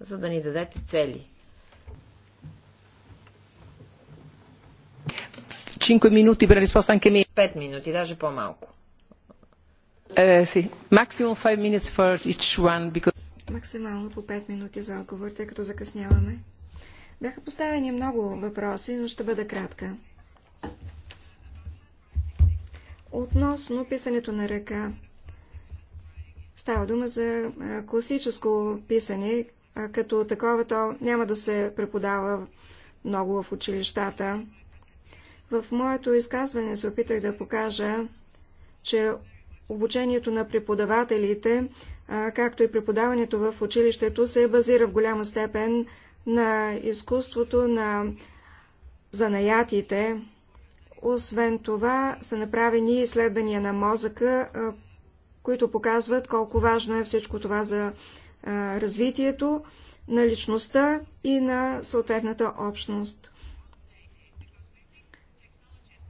за да ни дадете цели. Пет минути, даже по-малко. Е, Максимално по 5 минути за отговор, тъй като закъсняваме. Бяха поставени много въпроси, но ще бъда кратка. Относно писането на ръка, става дума за е, класическо писане, е, като такова то няма да се преподава много в училищата. В моето изказване се опитах да покажа, че Обучението на преподавателите, както и преподаването в училището, се базира в голяма степен на изкуството, на занаятите. Освен това са направени изследвания на мозъка, които показват колко важно е всичко това за развитието на личността и на съответната общност.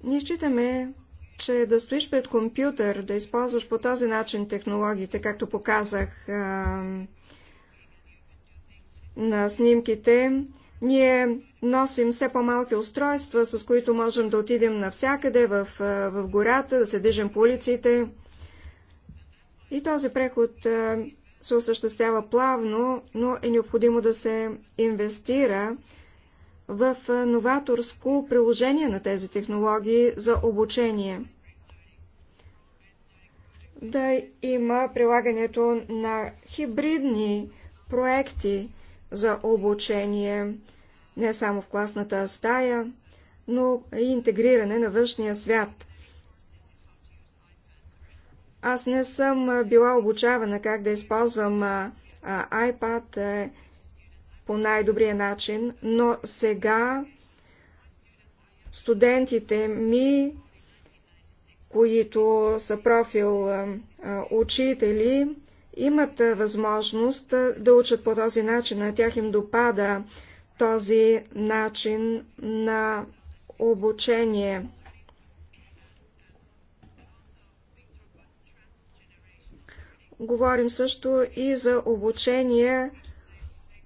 Ние считаме, че да стоиш пред компютър, да използваш по този начин технологиите, както показах а, на снимките, ние носим все по-малки устройства, с които можем да отидем навсякъде, в, в гората, да се движим по улиците. И този преход а, се осъществява плавно, но е необходимо да се инвестира, в новаторско приложение на тези технологии за обучение. Да има прилагането на хибридни проекти за обучение, не само в класната стая, но и интегриране на външния свят. Аз не съм била обучавана как да използвам iPad по най-добрия начин, но сега студентите ми, които са профил учители, имат възможност да учат по този начин. На тях им допада този начин на обучение. Говорим също и за обучение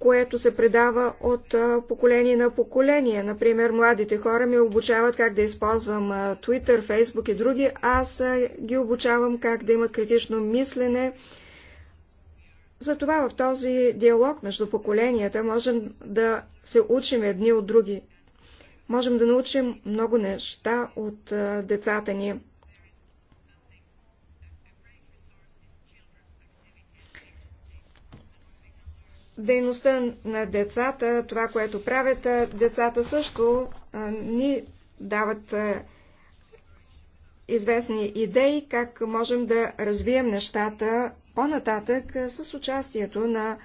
което се предава от поколение на поколение. Например, младите хора ми обучават как да използвам Twitter, Facebook и други. Аз ги обучавам как да имат критично мислене. Затова в този диалог между поколенията можем да се учим едни от други. Можем да научим много неща от децата ни. дейността на децата, това, което правят децата също ни дават известни идеи, как можем да развием нещата по-нататък с участието на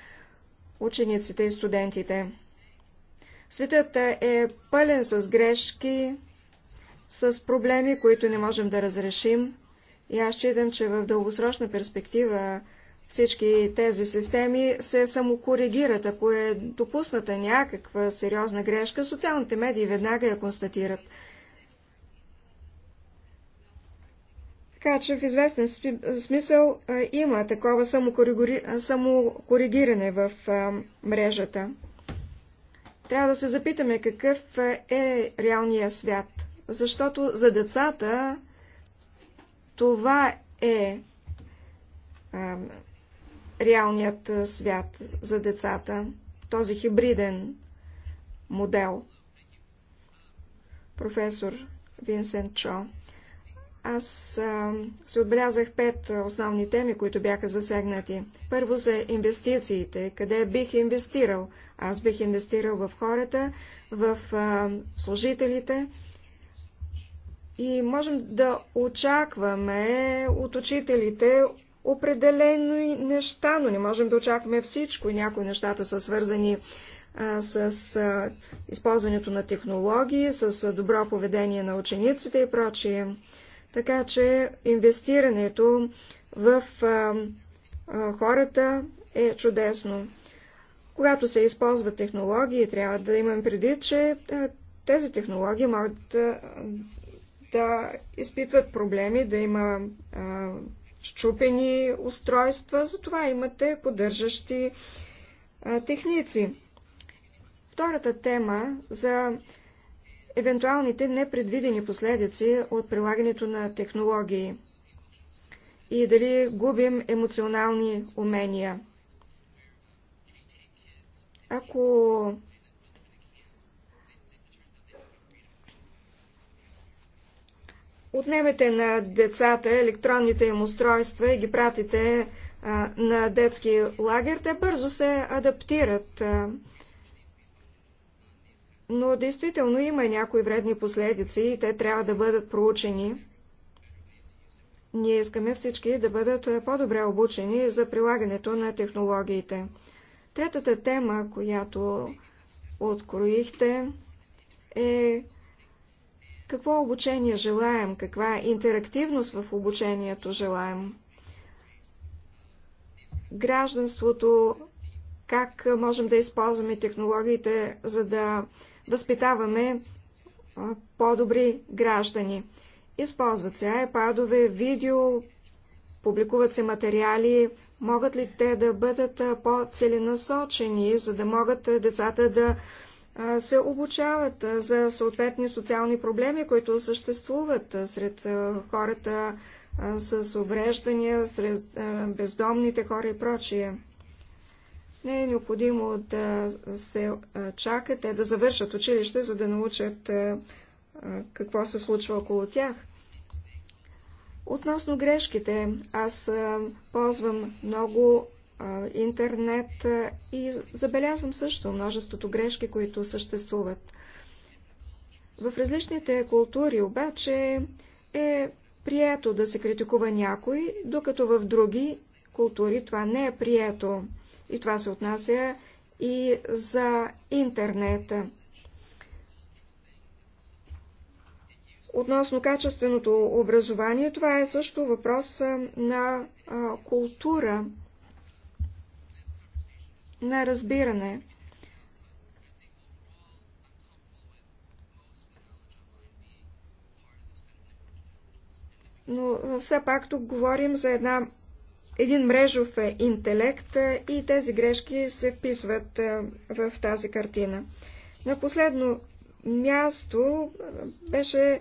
учениците и студентите. Светът е пълен с грешки, с проблеми, които не можем да разрешим. И аз считам, че в дългосрочна перспектива всички тези системи се самокоригират. Ако е допусната някаква сериозна грешка, социалните медии веднага я констатират. Така че в известен смисъл има такова самокоригиране в мрежата. Трябва да се запитаме какъв е реалният свят, защото за децата това е реалният свят за децата, този хибриден модел. Професор Винсент Чо. Аз а, се отбелязах пет основни теми, които бяха засегнати. Първо за инвестициите. Къде бих инвестирал? Аз бих инвестирал в хората, в а, служителите. И можем да очакваме от учителите определени неща, но не можем да очакваме всичко някои нещата са свързани с използването на технологии, с добро поведение на учениците и прочие. Така че инвестирането в хората е чудесно. Когато се използват технологии, трябва да имам преди, че тези технологии могат да, да изпитват проблеми, да има щупени устройства, затова имате поддържащи техници. Втората тема за евентуалните непредвидени последици от прилагането на технологии и дали губим емоционални умения. Ако отнемете на децата електронните им устройства и ги пратите а, на детски лагер, те бързо се адаптират. Но действително има и някои вредни последици и те трябва да бъдат проучени. Ние искаме всички да бъдат по-добре обучени за прилагането на технологиите. Третата тема, която откроихте, е какво обучение желаем? Каква интерактивност в обучението желаем? Гражданството, как можем да използваме технологиите, за да възпитаваме по-добри граждани. Използват се айпадове, видео, публикуват се материали, могат ли те да бъдат по-целенасочени, за да могат децата да се обучават за съответни социални проблеми, които съществуват сред хората с увреждания, сред бездомните хора и прочие. Не е необходимо да се чакат те да завършат училище, за да научат какво се случва около тях. Относно грешките, аз ползвам много интернет и забелязвам също множеството грешки, които съществуват. В различните култури обаче е прието да се критикува някой, докато в други култури това не е прието. И това се отнася и за интернета. Относно качественото образование, това е също въпрос на култура на разбиране. Но все пак тук говорим за една, един мрежов е, интелект е, и тези грешки се вписват е, в тази картина. На последно място беше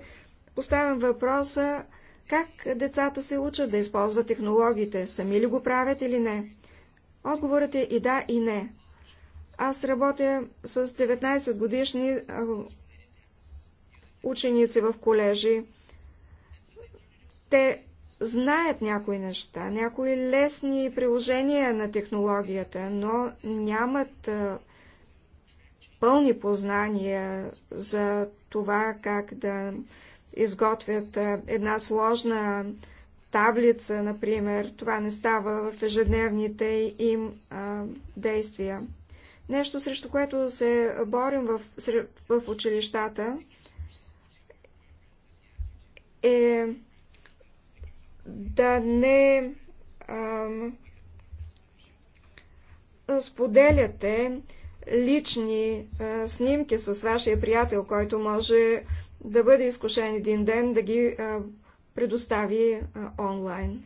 поставен въпроса как децата се учат да използват технологиите, сами ли го правят или не. Отговорът е и да, и не. Аз работя с 19 годишни ученици в колежи. Те знаят някои неща, някои лесни приложения на технологията, но нямат пълни познания за това как да изготвят една сложна таблица, например. Това не става в ежедневните им а, действия. Нещо, срещу което се борим в, в училищата, е да не а, споделяте лични а, снимки с вашия приятел, който може да бъде изкушен един ден да ги а, предостави онлайн.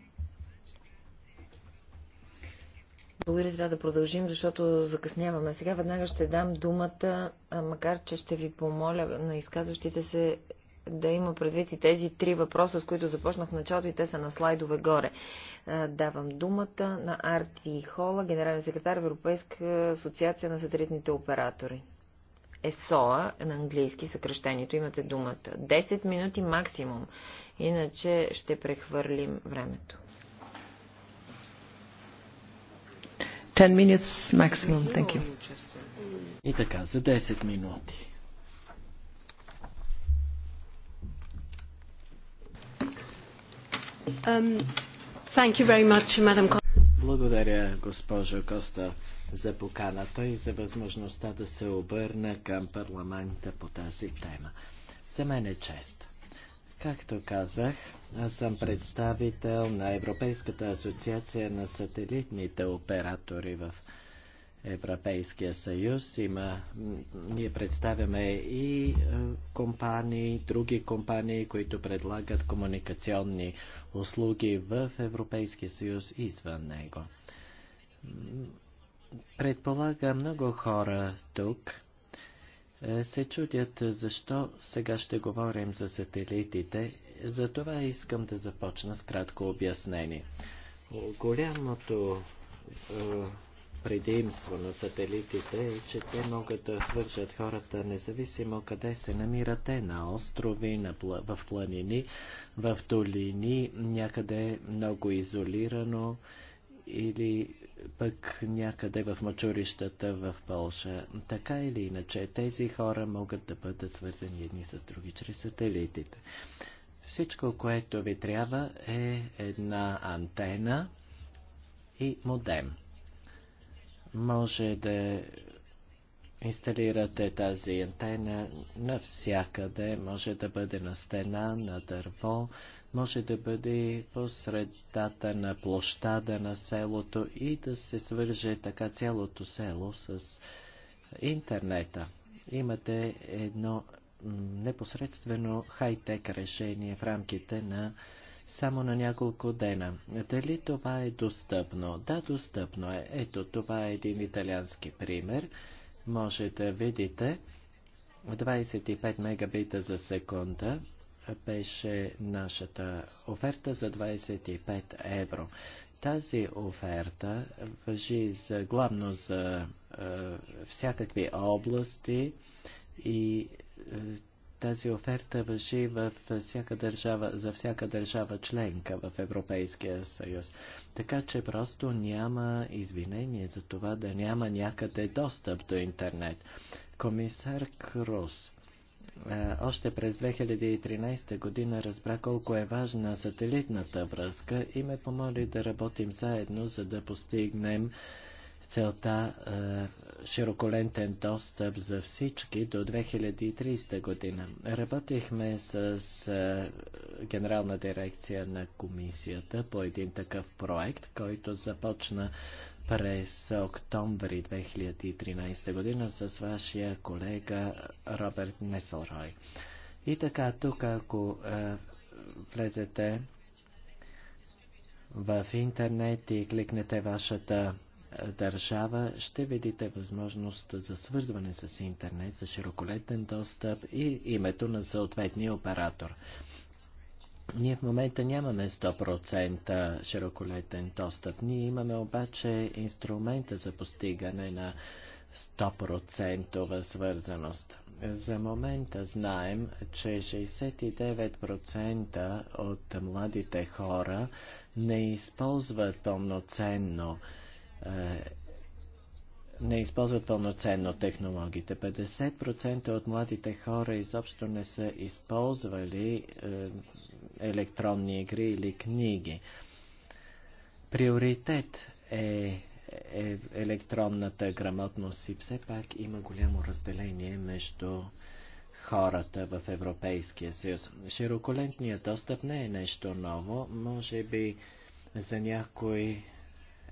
Благодаря, трябва да продължим, защото закъсняваме. Сега веднага ще дам думата, макар че ще ви помоля на изказващите се да има предвид и тези три въпроса, с които започнах в началото и те са на слайдове горе. Давам думата на Арти Хола, генерален секретар в Европейска асоциация на сателитните оператори. ЕСОА, на английски съкръщението, имате думата. 10 минути максимум, иначе ще прехвърлим времето. 10 minutes maximum, thank you. И така, за 10 минути. Um, thank you very much, Madam Благодаря, госпожо Коста за поканата и за възможността да се обърна към парламента по тази тема. За мен е чест. Както казах, аз съм представител на Европейската асоциация на сателитните оператори в Европейския съюз. Има, ние представяме и е, компании, други компании, които предлагат комуникационни услуги в Европейския съюз и извън него. Предполага много хора тук е, се чудят е, защо сега ще говорим за сателитите, затова искам да започна с кратко обяснение. Голямото е, предимство на сателитите е, че те могат да свържат хората независимо къде се намират те, на острови, на, в планини, в долини, някъде много изолирано или пък някъде в мачурищата в Польша. Така или иначе, тези хора могат да бъдат свързани едни с други чрез сателитите. Всичко, което ви трябва е една антена и модем. Може да инсталирате тази антена навсякъде, може да бъде на стена, на дърво, може да бъде в средата на площада на селото и да се свърже така цялото село с интернета. Имате едно непосредствено хай-тек решение в рамките на само на няколко дена. Дали това е достъпно? Да, достъпно е. Ето, това е един италиански пример. Може да видите 25 мегабита за секунда беше нашата оферта за 25 евро. Тази оферта въжи за, главно за е, всякакви области и е, тази оферта въжи във всяка държава, за всяка държава членка в Европейския съюз. Така че просто няма извинение за това да няма някъде достъп до интернет. Комисар Крус е, още през 2013 година разбра колко е важна сателитната връзка и ме помоли да работим заедно, за да постигнем целта е, широколентен достъп за всички до 2030 година. Работихме с е, Генерална дирекция на комисията по един такъв проект, който започна през октомври 2013 година с вашия колега Роберт Неселрой. И така, тук ако е, влезете в интернет и кликнете вашата е, държава, ще видите възможност за свързване с интернет, за широколетен достъп и името на съответния оператор. Ние в момента нямаме 100% широколетен достъп. Ние имаме обаче инструмента за постигане на 100% свързаност. За момента знаем, че 69% от младите хора не използват пълноценно е, не използват пълноценно технологиите. 50% от младите хора изобщо не са използвали е, електронни игри или книги. Приоритет е, е електронната грамотност и все пак има голямо разделение между хората в Европейския съюз. Широколентният достъп не е нещо ново, може би за някой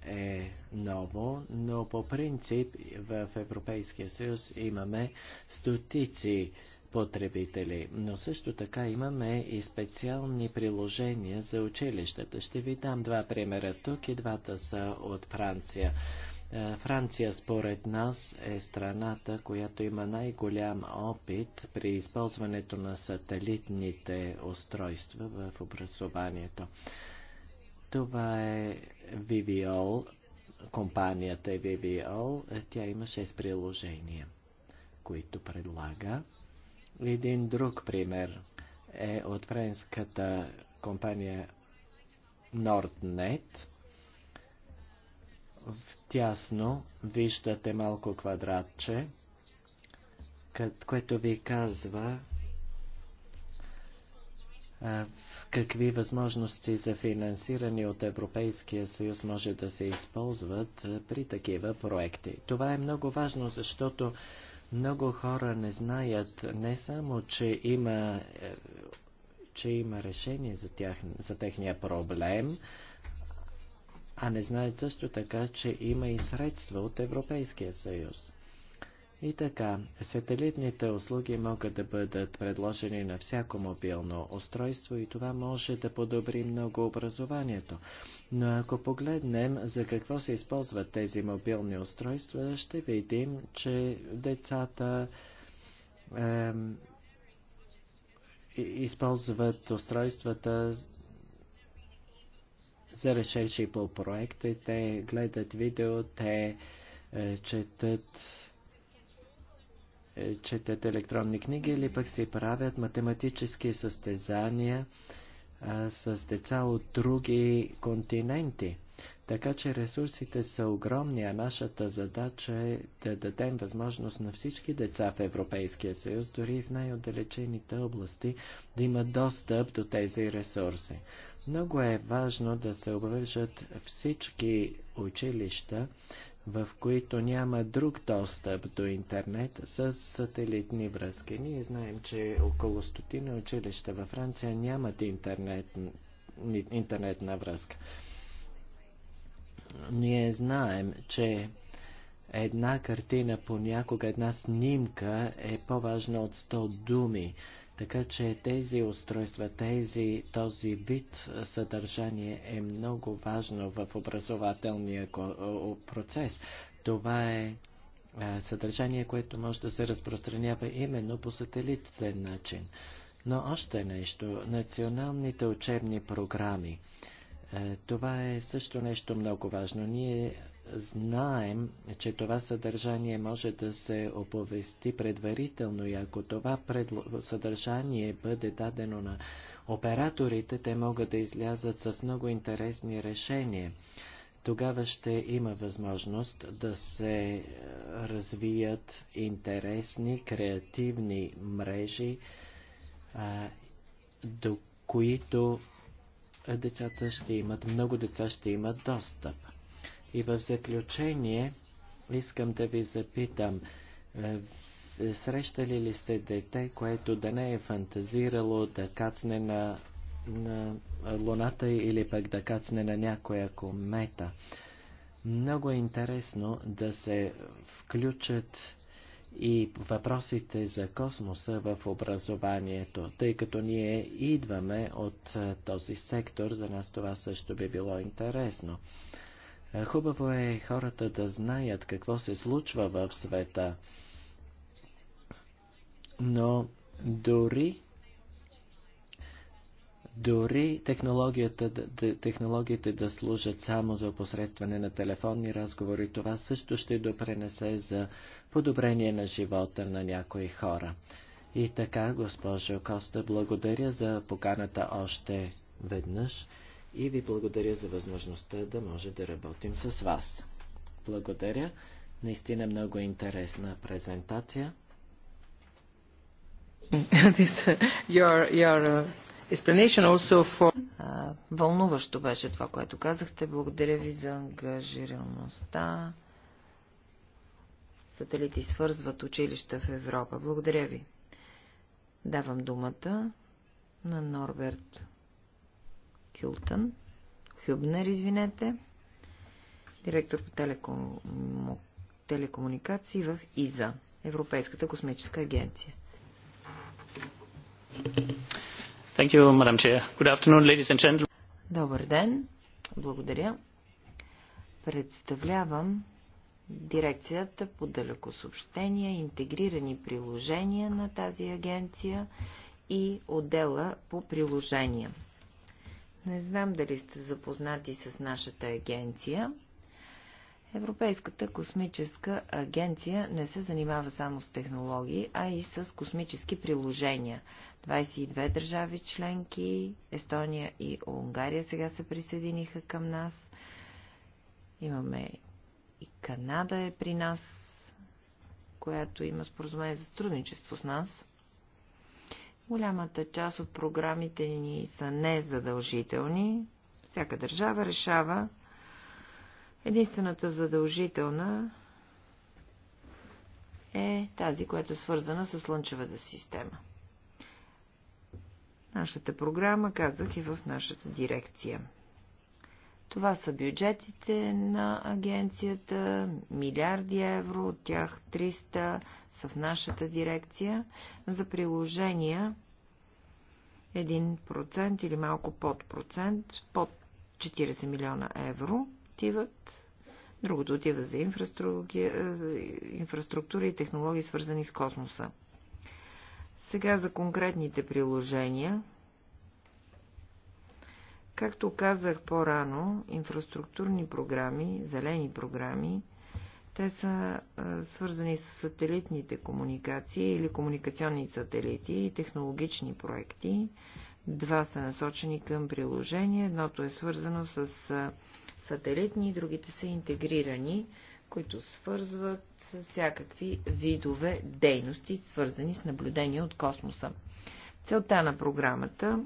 е ново, но по принцип в Европейския съюз имаме стотици потребители. Но също така имаме и специални приложения за училищата. Ще ви дам два примера тук и двата са от Франция. Е, Франция според нас е страната, която има най-голям опит при използването на сателитните устройства в образованието. Това е VVOL, компанията е VVOL, тя има 6 приложения, които предлага. Един друг пример е от френската компания Nordnet. В тясно виждате малко квадратче, което ви казва какви възможности за финансиране от Европейския съюз може да се използват при такива проекти. Това е много важно, защото много хора не знаят не само, че има, е, че има решение за, тях, за техния проблем, а не знаят също така, че има и средства от Европейския съюз. И така, сателитните услуги могат да бъдат предложени на всяко мобилно устройство и това може да подобри много образованието. Но ако погледнем за какво се използват тези мобилни устройства, ще видим, че децата е, използват устройствата за решение по проекти, те гледат видео, те е, четат е, четат електронни книги или пък си правят математически състезания а, с деца от други континенти. Така че ресурсите са огромни, а нашата задача е да дадем възможност на всички деца в Европейския съюз, дори и в най-отдалечените области, да имат достъп до тези ресурси. Много е важно да се обвържат всички училища в които няма друг достъп до интернет с сателитни връзки. Ние знаем, че около стотина училища във Франция нямат интернет, интернетна връзка. Ние знаем, че една картина понякога, една снимка е по-важна от 100 думи. Така че тези устройства, тези, този вид съдържание е много важно в образователния процес. Това е съдържание, което може да се разпространява именно по сателитен начин. Но още нещо. Националните учебни програми. Е, това е също нещо много важно. Ние знаем, че това съдържание може да се оповести предварително и ако това съдържание бъде дадено на операторите, те могат да излязат с много интересни решения. Тогава ще има възможност да се е, развият интересни, креативни мрежи, а, до които децата ще имат, много деца ще имат достъп. И в заключение искам да ви запитам, е, срещали ли сте дете, което да не е фантазирало да кацне на, на луната или пък да кацне на някоя комета? Много е интересно да се включат и въпросите за космоса в образованието, тъй като ние идваме от е, този сектор, за нас това също би било интересно. Е, хубаво е хората да знаят какво се случва в света. Но дори дори технологията, технологията да служат само за опосредстване на телефонни разговори, това също ще допренесе за подобрение на живота на някои хора. И така, госпожо Коста, благодаря за поканата още веднъж и ви благодаря за възможността да може да работим с вас. Благодаря. Наистина много интересна презентация. This, uh, your, your uh, for... uh, вълнуващо беше това, което казахте. Благодаря ви за ангажираността. Сателити свързват училища в Европа. Благодаря ви. Давам думата на Норберт Хюлтън Хюбнер, извинете, директор по телеком... телекомуникации в ИЗА, Европейската космическа агенция. Thank you, Madam Chair. Good afternoon, ladies and gentlemen. Добър ден. Благодаря. Представлявам дирекцията по далекосъобщения, интегрирани приложения на тази агенция и отдела по приложения. Не знам дали сте запознати с нашата агенция. Европейската космическа агенция не се занимава само с технологии, а и с космически приложения. 22 държави членки, Естония и Унгария сега се присъединиха към нас. Имаме и Канада е при нас, която има споразумение за сътрудничество с нас. Голямата част от програмите ни са незадължителни. Всяка държава решава. Единствената задължителна е тази, която е свързана с слънчевата система. Нашата програма, казах и е в нашата дирекция. Това са бюджетите на агенцията, милиарди евро, от тях 300 са в нашата дирекция. За приложения 1% или малко под процент, под 40 милиона евро отиват. Другото отива за е, инфраструктура и технологии, свързани с космоса. Сега за конкретните приложения. Както казах по-рано, инфраструктурни програми, зелени програми, те са а, свързани с сателитните комуникации или комуникационни сателити и технологични проекти. Два са насочени към приложение. Едното е свързано с а, сателитни, другите са интегрирани, които свързват всякакви видове дейности, свързани с наблюдение от космоса. Целта на програмата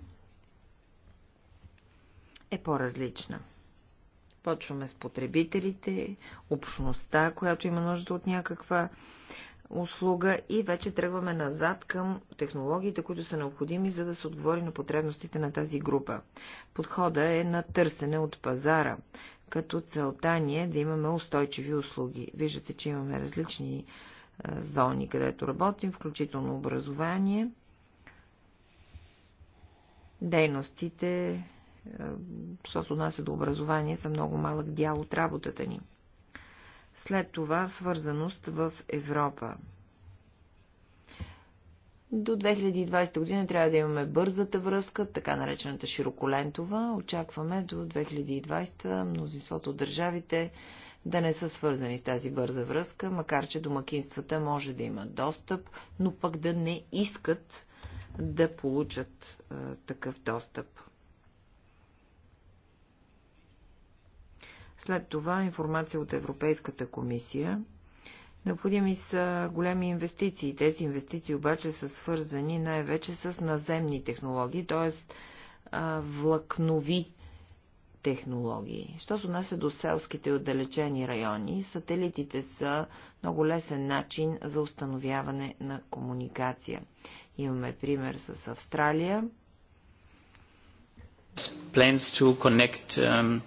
е по-различна. Почваме с потребителите, общността, която има нужда от някаква услуга и вече тръгваме назад към технологиите, които са необходими, за да се отговори на потребностите на тази група. Подхода е на търсене от пазара, като целта ни е да имаме устойчиви услуги. Виждате, че имаме различни зони, където работим, включително образование, дейностите, е, що се отнася до образование, са много малък дял от работата ни. След това свързаност в Европа. До 2020 година трябва да имаме бързата връзка, така наречената широколентова. Очакваме до 2020 мнозинството от държавите да не са свързани с тази бърза връзка, макар че домакинствата може да имат достъп, но пък да не искат да получат а, е, такъв достъп. След това информация от Европейската комисия. Необходими са големи инвестиции. Тези инвестиции обаче са свързани най-вече с наземни технологии, т.е. влакнови технологии. Що се отнася до селските и отдалечени райони, сателитите са много лесен начин за установяване на комуникация. Имаме пример с Австралия. Plans to connect um,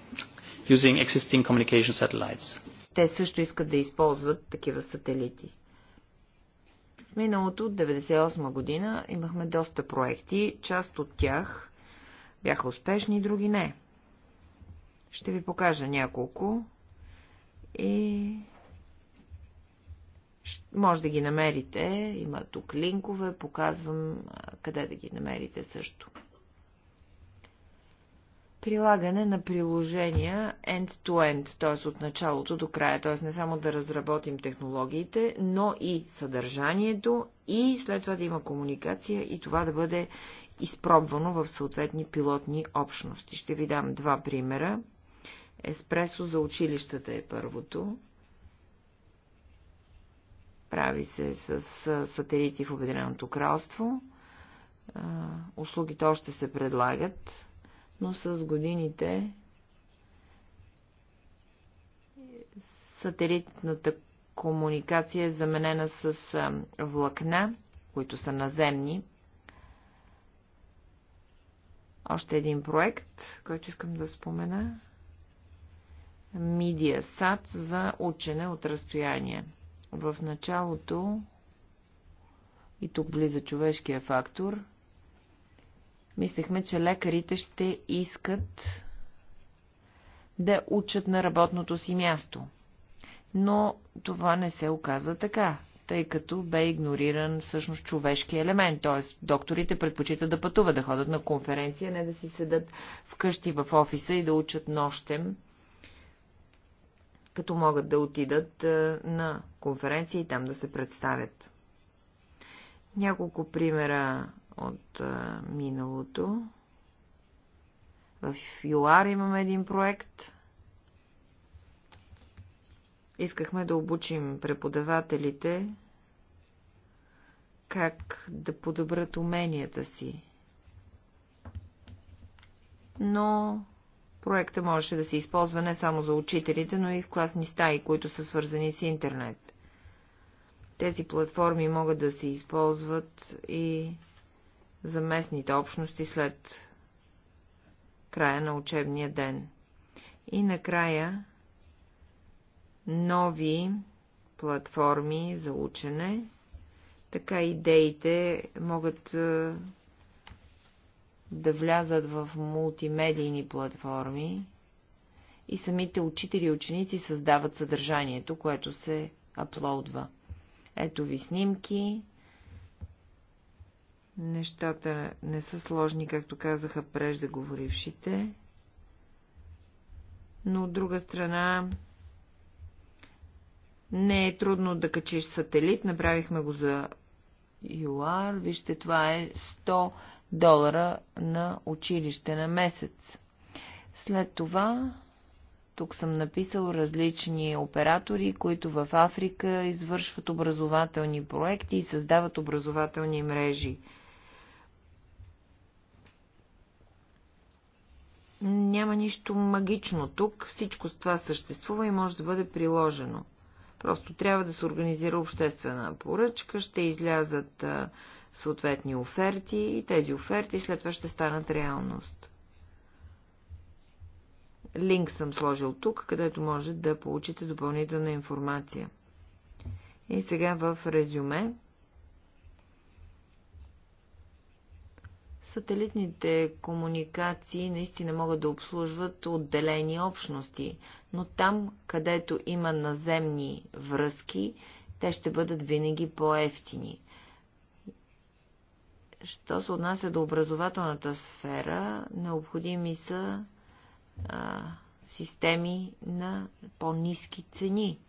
using existing communication satellites. Те също искат да използват такива сателити. В миналото, от 1998 година, имахме доста проекти. Част от тях бяха успешни, други не. Ще ви покажа няколко и може да ги намерите. Има тук линкове, показвам къде да ги намерите също прилагане на приложения end-to-end, т.е. от началото до края, т.е. не само да разработим технологиите, но и съдържанието и след това да има комуникация и това да бъде изпробвано в съответни пилотни общности. Ще ви дам два примера. Еспресо за училищата е първото. Прави се с сателити в Обединеното кралство. Услугите още се предлагат но с годините сателитната комуникация е заменена с влакна, които са наземни. Още един проект, който искам да спомена. MediaSat за учене от разстояние. В началото, и тук влиза човешкия фактор – Мислехме, че лекарите ще искат да учат на работното си място. Но това не се оказа така, тъй като бе игнориран всъщност човешки елемент, т.е. докторите предпочитат да пътуват, да ходят на конференция, не да си седат вкъщи в офиса и да учат нощем, като могат да отидат е, на конференция и там да се представят. Няколко примера от а, миналото. В ЮАР имаме един проект. Искахме да обучим преподавателите как да подобрат уменията си. Но проекта можеше да се използва не само за учителите, но и в класни стаи, които са свързани с интернет. Тези платформи могат да се използват и за местните общности след края на учебния ден. И накрая нови платформи за учене, така идеите могат да влязат в мултимедийни платформи и самите учители и ученици създават съдържанието, което се аплоудва. Ето ви снимки, Нещата не са сложни, както казаха преждеговорившите, но от друга страна не е трудно да качиш сателит. Направихме го за ЮАР. Вижте, това е 100 долара на училище на месец. След това тук съм написал различни оператори, които в Африка извършват образователни проекти и създават образователни мрежи. Няма нищо магично тук, всичко това съществува и може да бъде приложено. Просто трябва да се организира обществена поръчка, ще излязат съответни оферти и тези оферти след това ще станат реалност. Линк съм сложил тук, където може да получите допълнителна информация. И сега в резюме Сателитните комуникации наистина могат да обслужват отделени общности, но там, където има наземни връзки, те ще бъдат винаги по-ефтини. Що се отнася до образователната сфера, необходими са а, системи на по-низки цени.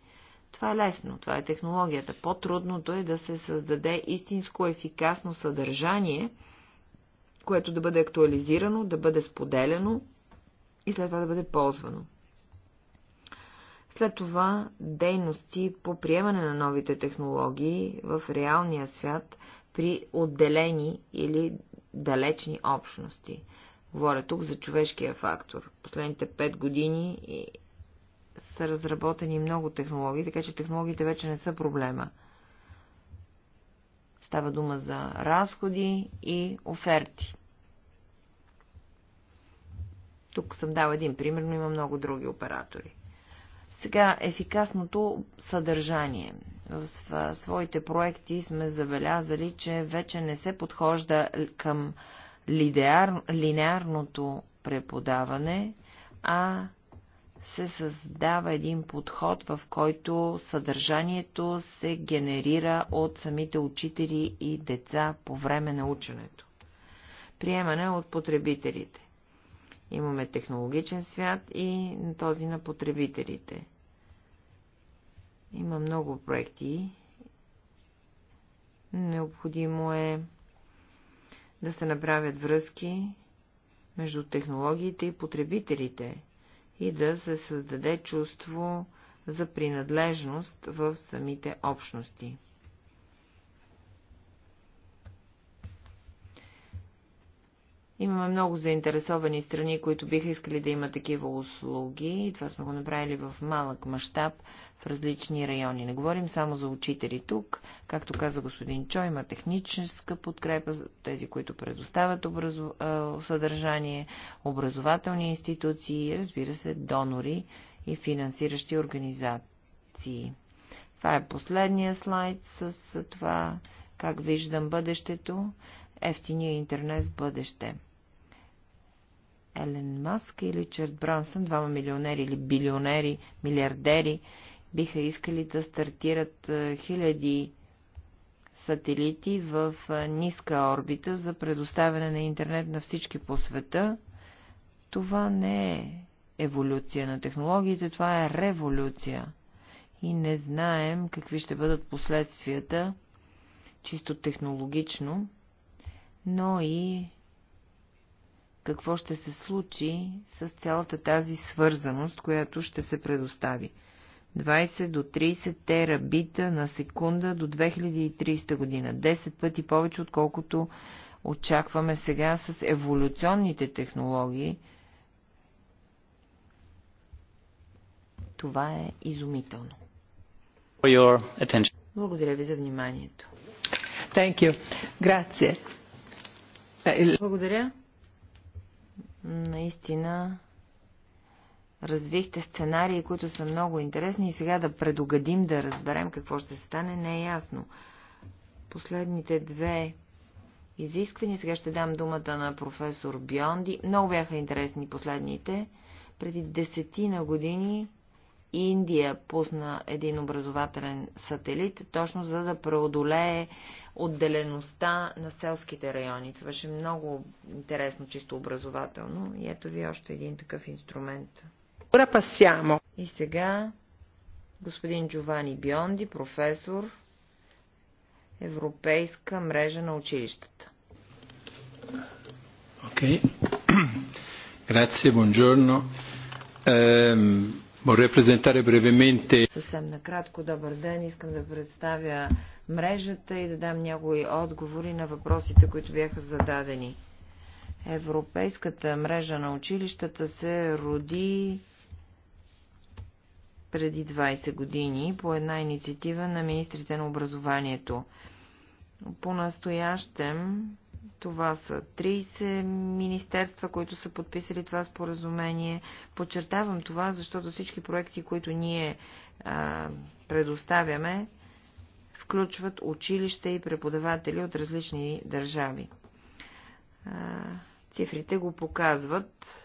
Това е лесно, това е технологията. По-трудното е да се създаде истинско ефикасно съдържание, което да бъде актуализирано, да бъде споделено и след това да бъде ползвано. След това дейности по приемане на новите технологии в реалния свят при отделени или далечни общности. Говоря тук за човешкия фактор. Последните пет години са разработени много технологии, така че технологиите вече не са проблема. Става дума за разходи и оферти. Тук съм дал един пример, но има много други оператори. Сега ефикасното съдържание. В своите проекти сме забелязали, че вече не се подхожда към линеарното преподаване, а се създава един подход, в който съдържанието се генерира от самите учители и деца по време на ученето. Приемане от потребителите. Имаме технологичен свят и този на потребителите. Има много проекти. Необходимо е да се направят връзки между технологиите и потребителите, и да се създаде чувство за принадлежност в самите общности. Имаме много заинтересовани страни, които биха искали да има такива услуги и това сме го направили в малък мащаб в различни райони. Не говорим само за учители тук. Както каза господин Чо, има техническа подкрепа за тези, които предоставят образу... съдържание, образователни институции, разбира се, донори и финансиращи организации. Това е последния слайд с това как виждам бъдещето. Ефтиния интернет с бъдеще. Елен Маск и Ричард Брансън, двама милионери или билионери, милиардери, биха искали да стартират хиляди сателити в ниска орбита за предоставяне на интернет на всички по света. Това не е еволюция на технологиите, това е революция. И не знаем какви ще бъдат последствията, чисто технологично, но и какво ще се случи с цялата тази свързаност, която ще се предостави. 20 до 30 терабита на секунда до 2300 година. 10 пъти повече, отколкото очакваме сега с еволюционните технологии. Това е изумително. Благодаря ви за вниманието. Thank you. Grazie. Благодаря. Наистина развихте сценарии, които са много интересни и сега да предугадим, да разберем какво ще стане, не е ясно. Последните две изисквания. Сега ще дам думата на професор Бьонди. Много бяха интересни последните. Преди десетина години Индия пусна един образователен сателит, точно за да преодолее отделеността на селските райони. Това беше много интересно, чисто образователно. И ето ви още един такъв инструмент. И сега господин Джовани Бионди, професор Европейска мрежа на училищата. Окей. Okay. Grazie, buongiorno. Съвсем накратко, добър ден. Искам да представя мрежата и да дам някои отговори на въпросите, които бяха зададени. Европейската мрежа на училищата се роди преди 20 години по една инициатива на министрите на образованието. По-настоящем това са 30 министерства, които са подписали това споразумение. Подчертавам това, защото всички проекти, които ние а, предоставяме, включват училища и преподаватели от различни държави. А, цифрите го показват.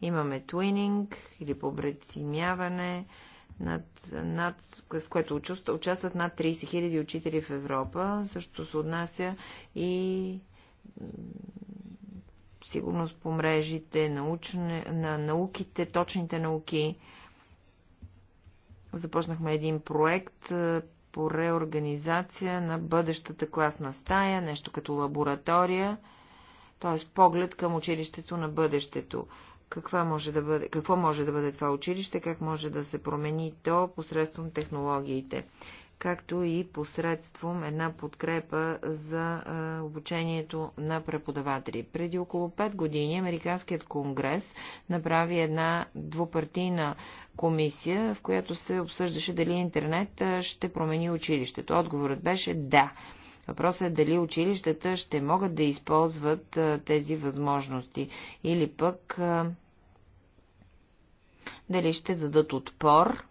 Имаме твининг или побретимяване, над, над, в което участват над 30 000 учители в Европа. Също се отнася и сигурност по мрежите, научне, на науките, точните науки. Започнахме един проект по реорганизация на бъдещата класна стая, нещо като лаборатория, т.е. поглед към училището на бъдещето каква може да бъде, какво може да бъде това училище, как може да се промени то посредством технологиите, както и посредством една подкрепа за обучението на преподаватели. Преди около 5 години Американският конгрес направи една двупартийна комисия, в която се обсъждаше дали интернет ще промени училището. Отговорът беше да. Въпросът е дали училищата ще могат да използват а, тези възможности или пък а, дали ще дадат отпор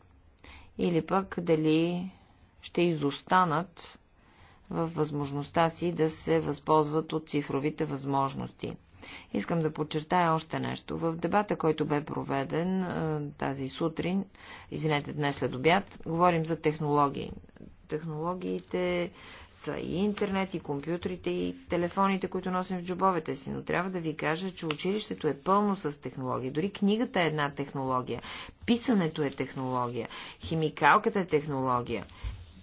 или пък дали ще изостанат в възможността си да се възползват от цифровите възможности. Искам да подчертая още нещо. В дебата, който бе проведен тази сутрин, извинете, днес след обяд, говорим за технологии. Технологиите и интернет, и компютрите, и телефоните, които носим в джобовете си. Но трябва да ви кажа, че училището е пълно с технологии. Дори книгата е една технология. Писането е технология. Химикалката е технология.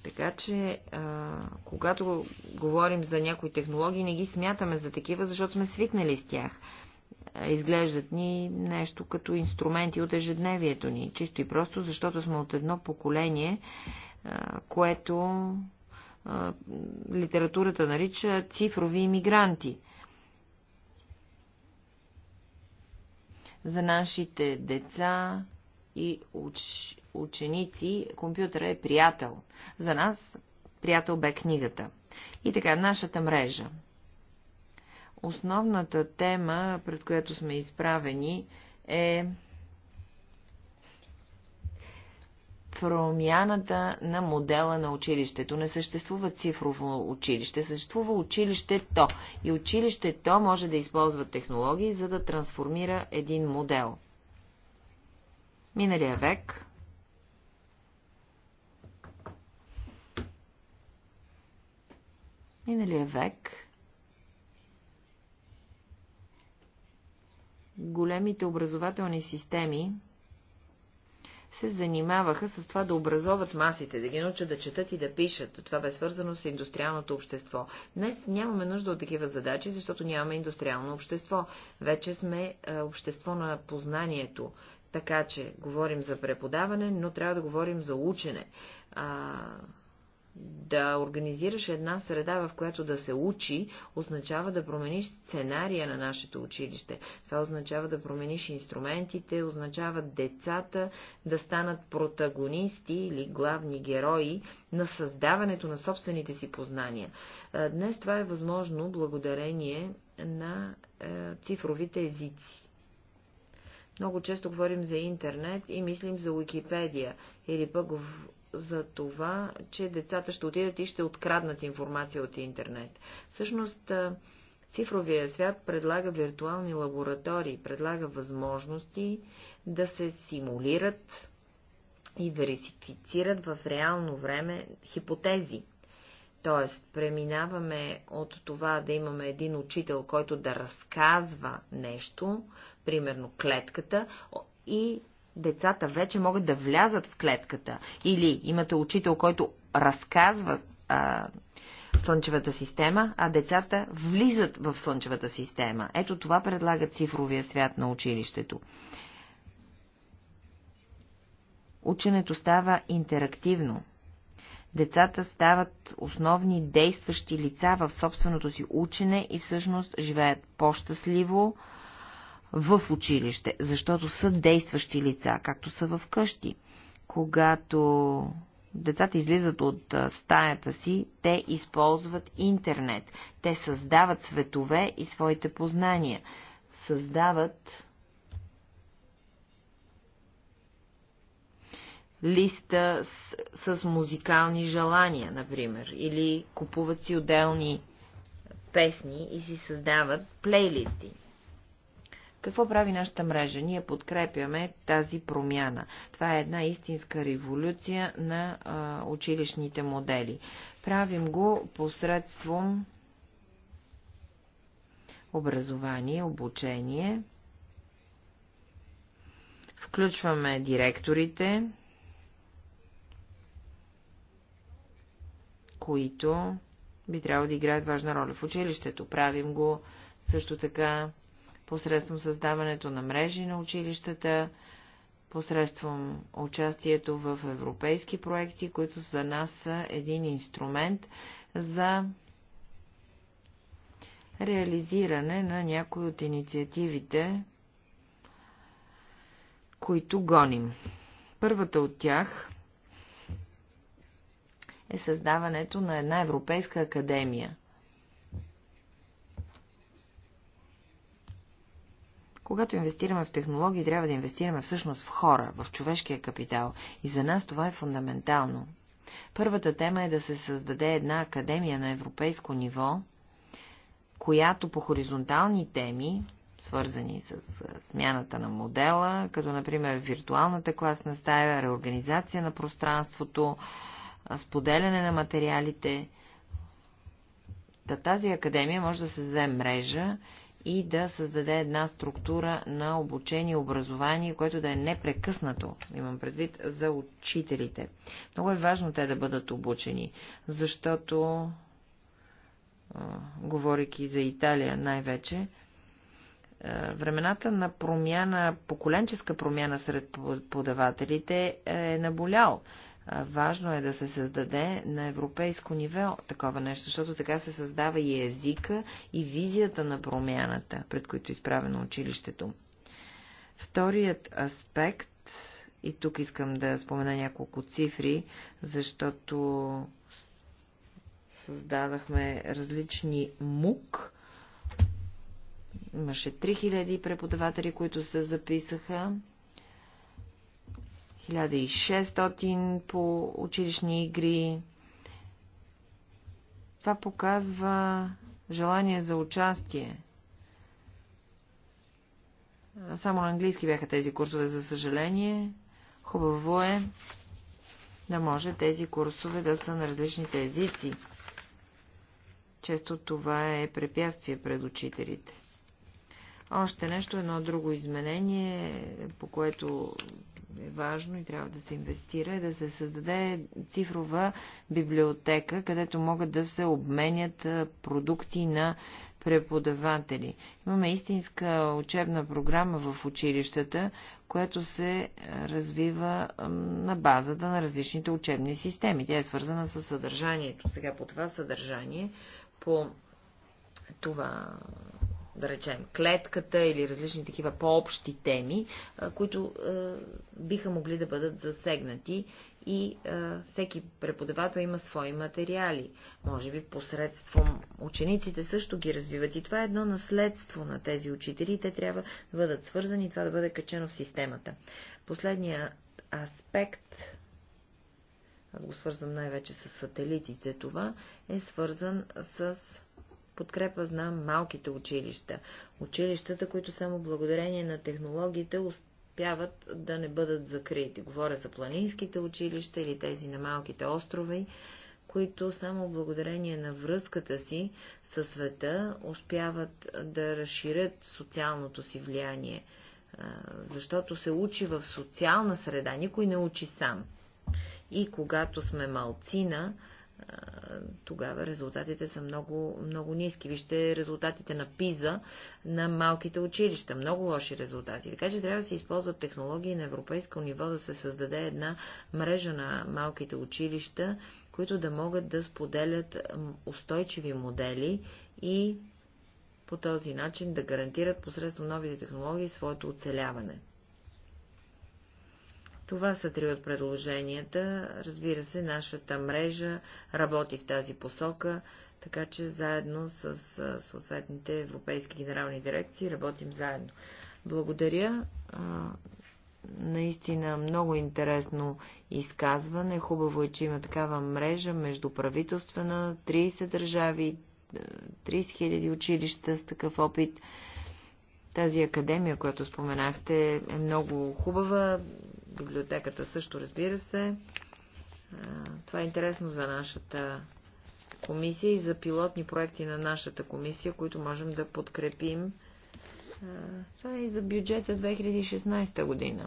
Така че, а, когато говорим за някои технологии, не ги смятаме за такива, защото сме свикнали с тях. Изглеждат ни нещо като инструменти от ежедневието ни. Чисто и просто, защото сме от едно поколение, а, което литературата нарича цифрови иммигранти. За нашите деца и уч... ученици компютъра е приятел. За нас приятел бе книгата. И така, нашата мрежа. Основната тема, пред която сме изправени, е промяната на модела на училището. Не съществува цифрово училище, съществува училището. И училището може да използва технологии, за да трансформира един модел. Миналия век Миналия век големите образователни системи се занимаваха с това да образоват масите, да ги научат да четат и да пишат. Това бе свързано с индустриалното общество. Днес нямаме нужда от такива задачи, защото нямаме индустриално общество. Вече сме е, общество на познанието. Така че говорим за преподаване, но трябва да говорим за учене. А, да организираш една среда, в която да се учи, означава да промениш сценария на нашето училище. Това означава да промениш инструментите, означава децата да станат протагонисти или главни герои на създаването на собствените си познания. Днес това е възможно благодарение на е, цифровите езици. Много често говорим за интернет и мислим за Уикипедия, или пък за това, че децата ще отидат и ще откраднат информация от интернет. Всъщност, цифровия свят предлага виртуални лаборатории, предлага възможности да се симулират и верифицират в реално време хипотези. Тоест, преминаваме от това да имаме един учител, който да разказва нещо, примерно клетката, и децата вече могат да влязат в клетката. Или имате учител, който разказва а, слънчевата система, а децата влизат в слънчевата система. Ето това предлага цифровия свят на училището. Ученето става интерактивно. Децата стават основни действащи лица в собственото си учене и всъщност живеят по-щастливо, в училище, защото са действащи лица, както са в къщи. Когато децата излизат от стаята си, те използват интернет. Те създават светове и своите познания. Създават листа с, с музикални желания, например, или купуват си отделни песни и си създават плейлисти. Какво прави нашата мрежа? Ние подкрепяме тази промяна. Това е една истинска революция на а, училищните модели. Правим го посредством образование, обучение. Включваме директорите, които би трябвало да играят важна роля в училището. Правим го също така посредством създаването на мрежи на училищата, посредством участието в европейски проекти, които за нас са един инструмент за реализиране на някои от инициативите, които гоним. Първата от тях е създаването на една Европейска академия – Когато инвестираме в технологии, трябва да инвестираме всъщност в хора, в човешкия капитал. И за нас това е фундаментално. Първата тема е да се създаде една академия на европейско ниво, която по хоризонтални теми, свързани с смяната на модела, като например виртуалната класна стая, реорганизация на пространството, споделяне на материалите. Та тази академия може да се създаде мрежа и да създаде една структура на обучение и образование, което да е непрекъснато, имам предвид, за учителите. Много е важно те да бъдат обучени, защото, говорейки за Италия най-вече, времената на промяна, поколенческа промяна сред подавателите е наболял. Важно е да се създаде на европейско ниво такова нещо, защото така се създава и езика, и визията на промяната, пред които е изправено училището. Вторият аспект, и тук искам да спомена няколко цифри, защото създадахме различни МУК. Имаше 3000 преподаватели, които се записаха 1600 по училищни игри. Това показва желание за участие. Само на английски бяха тези курсове, за съжаление. Хубаво е да може тези курсове да са на различните езици. Често това е препятствие пред учителите. Още нещо, едно друго изменение, по което е важно и трябва да се инвестира, е да се създаде цифрова библиотека, където могат да се обменят продукти на преподаватели. Имаме истинска учебна програма в училищата, която се развива на базата на различните учебни системи. Тя е свързана с съдържанието. Сега по това съдържание, по това да речем, клетката или различни такива по-общи теми, които е, биха могли да бъдат засегнати и е, всеки преподавател има свои материали. Може би посредством учениците също ги развиват и това е едно наследство на тези учители. Те трябва да бъдат свързани и това да бъде качено в системата. Последният аспект аз го свързвам най-вече с сателитите, това е свързан с подкрепа знам малките училища. Училищата, които само благодарение на технологиите успяват да не бъдат закрити. Говоря за планинските училища или тези на малките острови, които само благодарение на връзката си със света успяват да разширят социалното си влияние, защото се учи в социална среда, никой не учи сам. И когато сме малцина, тогава резултатите са много, много ниски. Вижте резултатите на ПИЗа на малките училища. Много лоши резултати. Така че трябва да се използват технологии на европейско ниво да се създаде една мрежа на малките училища, които да могат да споделят устойчиви модели и по този начин да гарантират посредством новите технологии своето оцеляване. Това са три от предложенията. Разбира се, нашата мрежа работи в тази посока, така че заедно с съответните европейски генерални дирекции работим заедно. Благодаря. Наистина много интересно изказване. Хубаво е, че има такава мрежа между правителствена, 30 държави, 30 000 училища с такъв опит. Тази академия, която споменахте, е много хубава библиотеката също, разбира се. Това е интересно за нашата комисия и за пилотни проекти на нашата комисия, които можем да подкрепим. Това е и за бюджета 2016 година.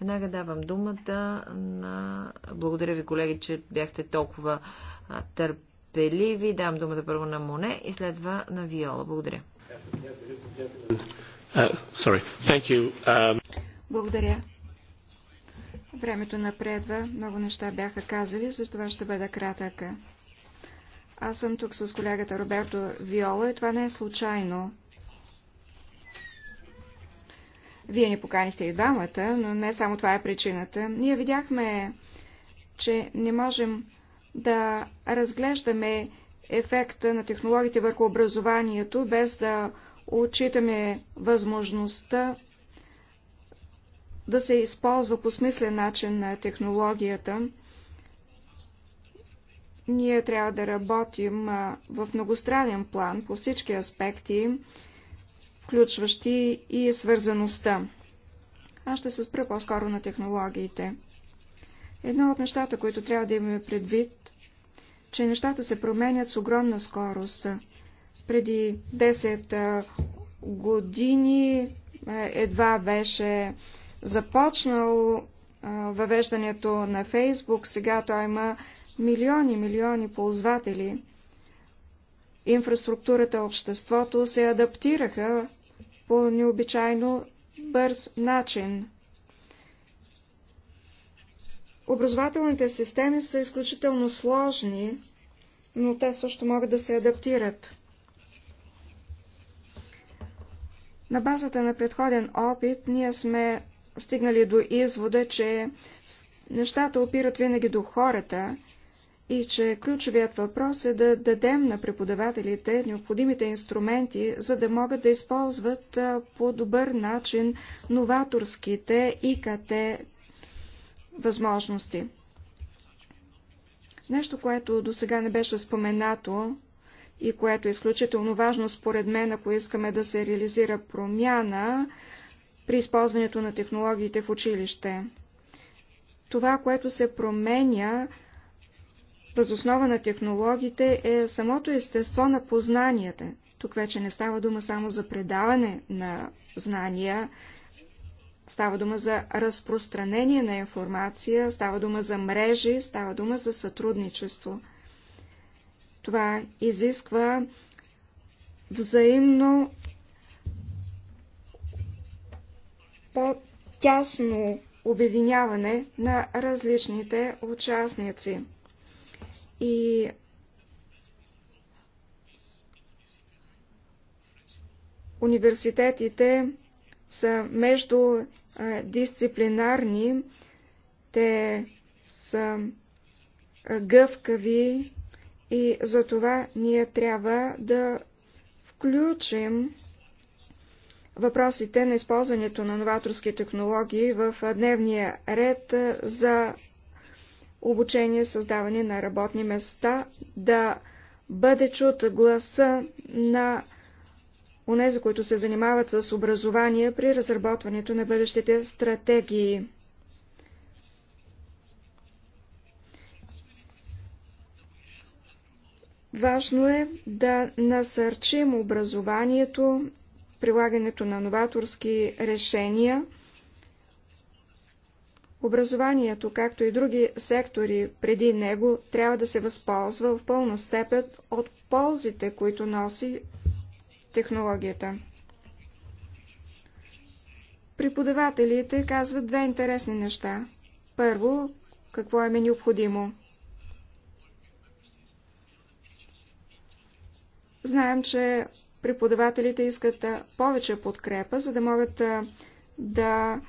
Веднага давам думата на... Благодаря ви, колеги, че бяхте толкова търпеливи. Дам думата първо на Моне и след това на Виола. Благодаря. Uh, um, Благодаря. Времето напредва, много неща бяха казали, затова ще бъда кратъка. Аз съм тук с колегата Роберто Виола и това не е случайно. Вие ни поканихте и двамата, но не само това е причината. Ние видяхме, че не можем да разглеждаме ефекта на технологиите върху образованието, без да отчитаме възможността да се използва по смислен начин на технологията. Ние трябва да работим в многостранен план по всички аспекти, включващи и свързаността. Аз ще се спра по-скоро на технологиите. Едно от нещата, които трябва да имаме предвид, че нещата се променят с огромна скорост. Преди 10 години едва беше започнал въвеждането на Фейсбук, сега той има милиони, милиони ползватели. Инфраструктурата, обществото се адаптираха по необичайно бърз начин. Образователните системи са изключително сложни, но те също могат да се адаптират. На базата на предходен опит ние сме стигнали до извода, че нещата опират винаги до хората и че ключовият въпрос е да дадем на преподавателите необходимите инструменти, за да могат да използват по добър начин новаторските ИКТ възможности. Нещо, което до сега не беше споменато и което е изключително важно според мен, ако искаме да се реализира промяна, при използването на технологиите в училище. Това, което се променя възоснова на технологиите, е самото естество на познанията. Тук вече не става дума само за предаване на знания, става дума за разпространение на информация, става дума за мрежи, става дума за сътрудничество. Това изисква взаимно по-тясно обединяване на различните участници. И университетите са между дисциплинарни, те са гъвкави и за това ние трябва да включим въпросите на използването на новаторски технологии в дневния ред за обучение, създаване на работни места, да бъде чут гласа на онези, които се занимават с образование при разработването на бъдещите стратегии. Важно е да насърчим образованието прилагането на новаторски решения. Образованието, както и други сектори преди него, трябва да се възползва в пълна степен от ползите, които носи технологията. Преподавателите казват две интересни неща. Първо, какво е е необходимо. Знаем, че преподавателите искат повече подкрепа, за да могат да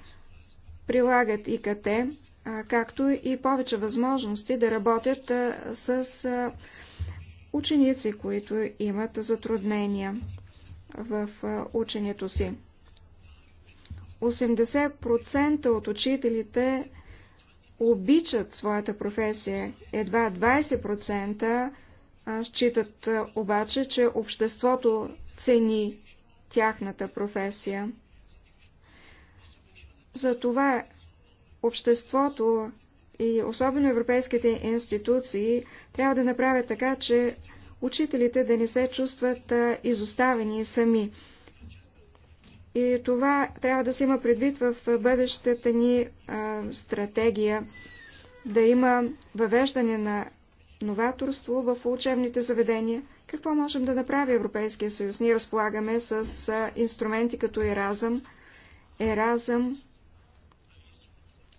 прилагат ИКТ, както и повече възможности да работят с ученици, които имат затруднения в ученето си. 80% от учителите обичат своята професия, едва 20% Считат обаче, че обществото цени тяхната професия. Затова обществото и особено европейските институции трябва да направят така, че учителите да не се чувстват изоставени сами. И това трябва да се има предвид в бъдещата ни а, стратегия, да има въвеждане на новаторство в учебните заведения. Какво можем да направи Европейския съюз? Ние разполагаме с инструменти като Еразъм. Еразъм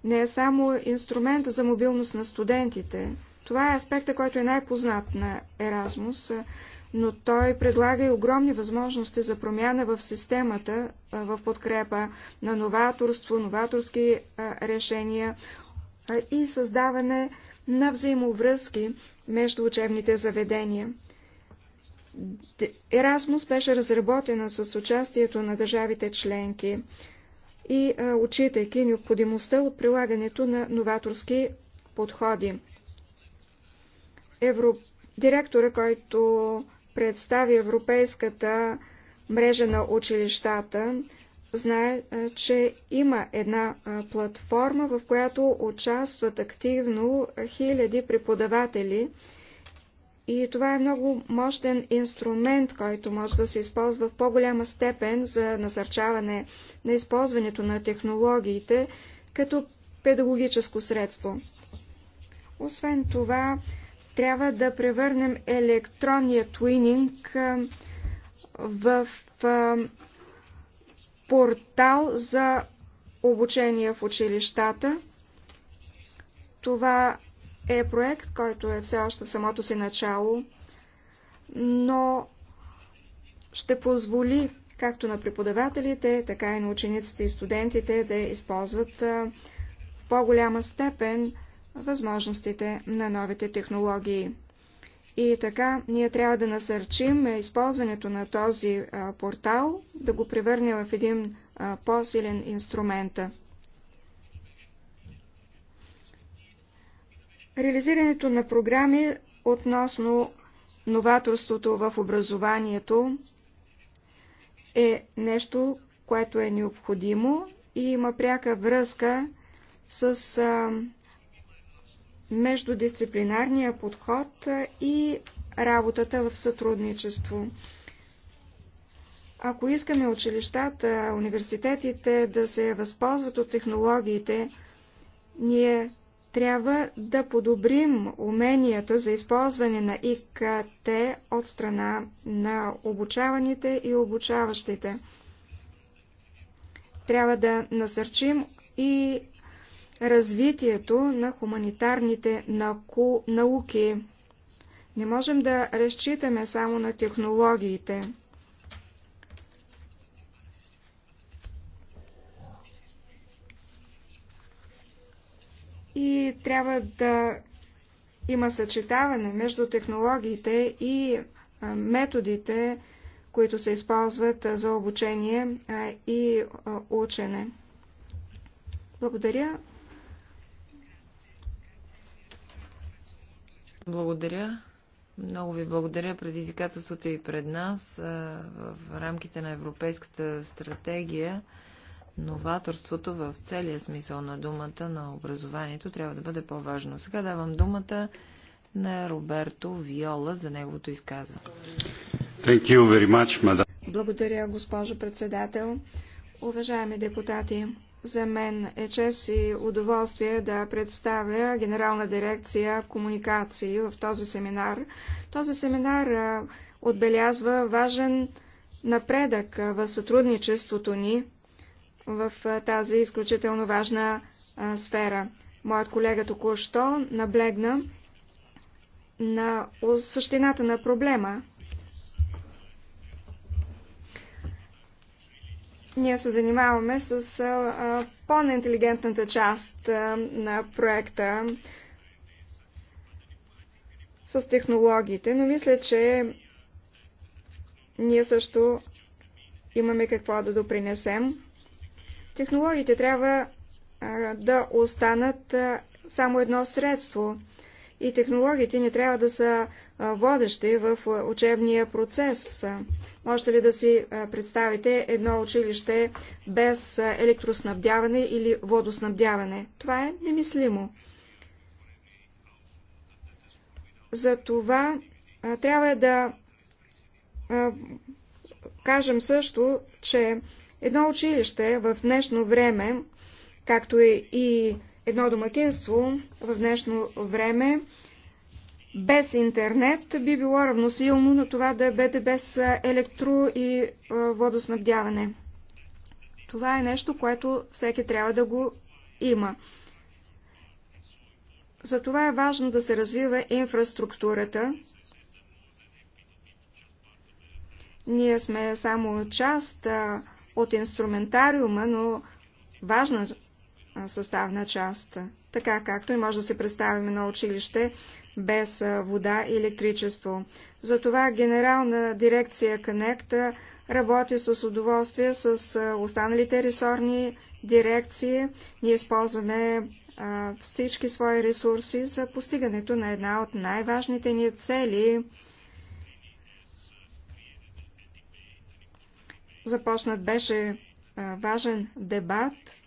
не е само инструмент за мобилност на студентите. Това е аспекта, който е най-познат на Еразмус, но той предлага и огромни възможности за промяна в системата в подкрепа на новаторство, новаторски решения и създаване на взаимовръзки между учебните заведения. Еразмус беше разработена с участието на държавите членки и а, учитайки необходимостта от прилагането на новаторски подходи. Евро... Директора, който представи Европейската мрежа на училищата, знае, че има една платформа, в която участват активно хиляди преподаватели. И това е много мощен инструмент, който може да се използва в по-голяма степен за насърчаване на използването на технологиите като педагогическо средство. Освен това, трябва да превърнем електронния твининг в портал за обучение в училищата. Това е проект, който е все още в самото си начало, но ще позволи както на преподавателите, така и на учениците и студентите да използват в по-голяма степен възможностите на новите технологии. И така ние трябва да насърчим използването на този портал, да го превърнем в един по-силен инструмент. Реализирането на програми относно новаторството в образованието е нещо, което е необходимо и има пряка връзка с между дисциплинарния подход и работата в сътрудничество. Ако искаме училищата, университетите да се възползват от технологиите, ние трябва да подобрим уменията за използване на ИКТ от страна на обучаваните и обучаващите. Трябва да насърчим и развитието на хуманитарните науки. Не можем да разчитаме само на технологиите. И трябва да има съчетаване между технологиите и методите, които се използват за обучение и учене. Благодаря. Благодаря. Много ви благодаря. Предизвикателството е и пред нас в рамките на Европейската стратегия новаторството в целия смисъл на думата на образованието трябва да бъде по-важно. Сега давам думата на Роберто Виола за неговото изказване. Much, Благодаря, госпожо председател. Уважаеми депутати, за мен е чест и удоволствие да представя Генерална дирекция комуникации в този семинар. Този семинар отбелязва важен напредък в сътрудничеството ни в тази изключително важна сфера. Моят колега току-що наблегна на същината на проблема, ние се занимаваме с по-неинтелигентната част на проекта, с технологиите, но мисля, че ние също имаме какво да допринесем. Технологиите трябва да останат само едно средство – и технологиите не трябва да са водещи в учебния процес. Можете ли да си представите едно училище без електроснабдяване или водоснабдяване? Това е немислимо. За това трябва да кажем също, че едно училище в днешно време, както и едно домакинство в днешно време без интернет би било равносилно на това да бъде без електро и водоснабдяване. Това е нещо, което всеки трябва да го има. Затова е важно да се развива инфраструктурата. Ние сме само част от инструментариума, но важна е съставна част, така както и може да се представим на училище без вода и електричество. Затова Генерална дирекция Connect работи с удоволствие с останалите ресорни дирекции. Ние използваме всички свои ресурси за постигането на една от най-важните ни цели. Започнат беше важен дебат –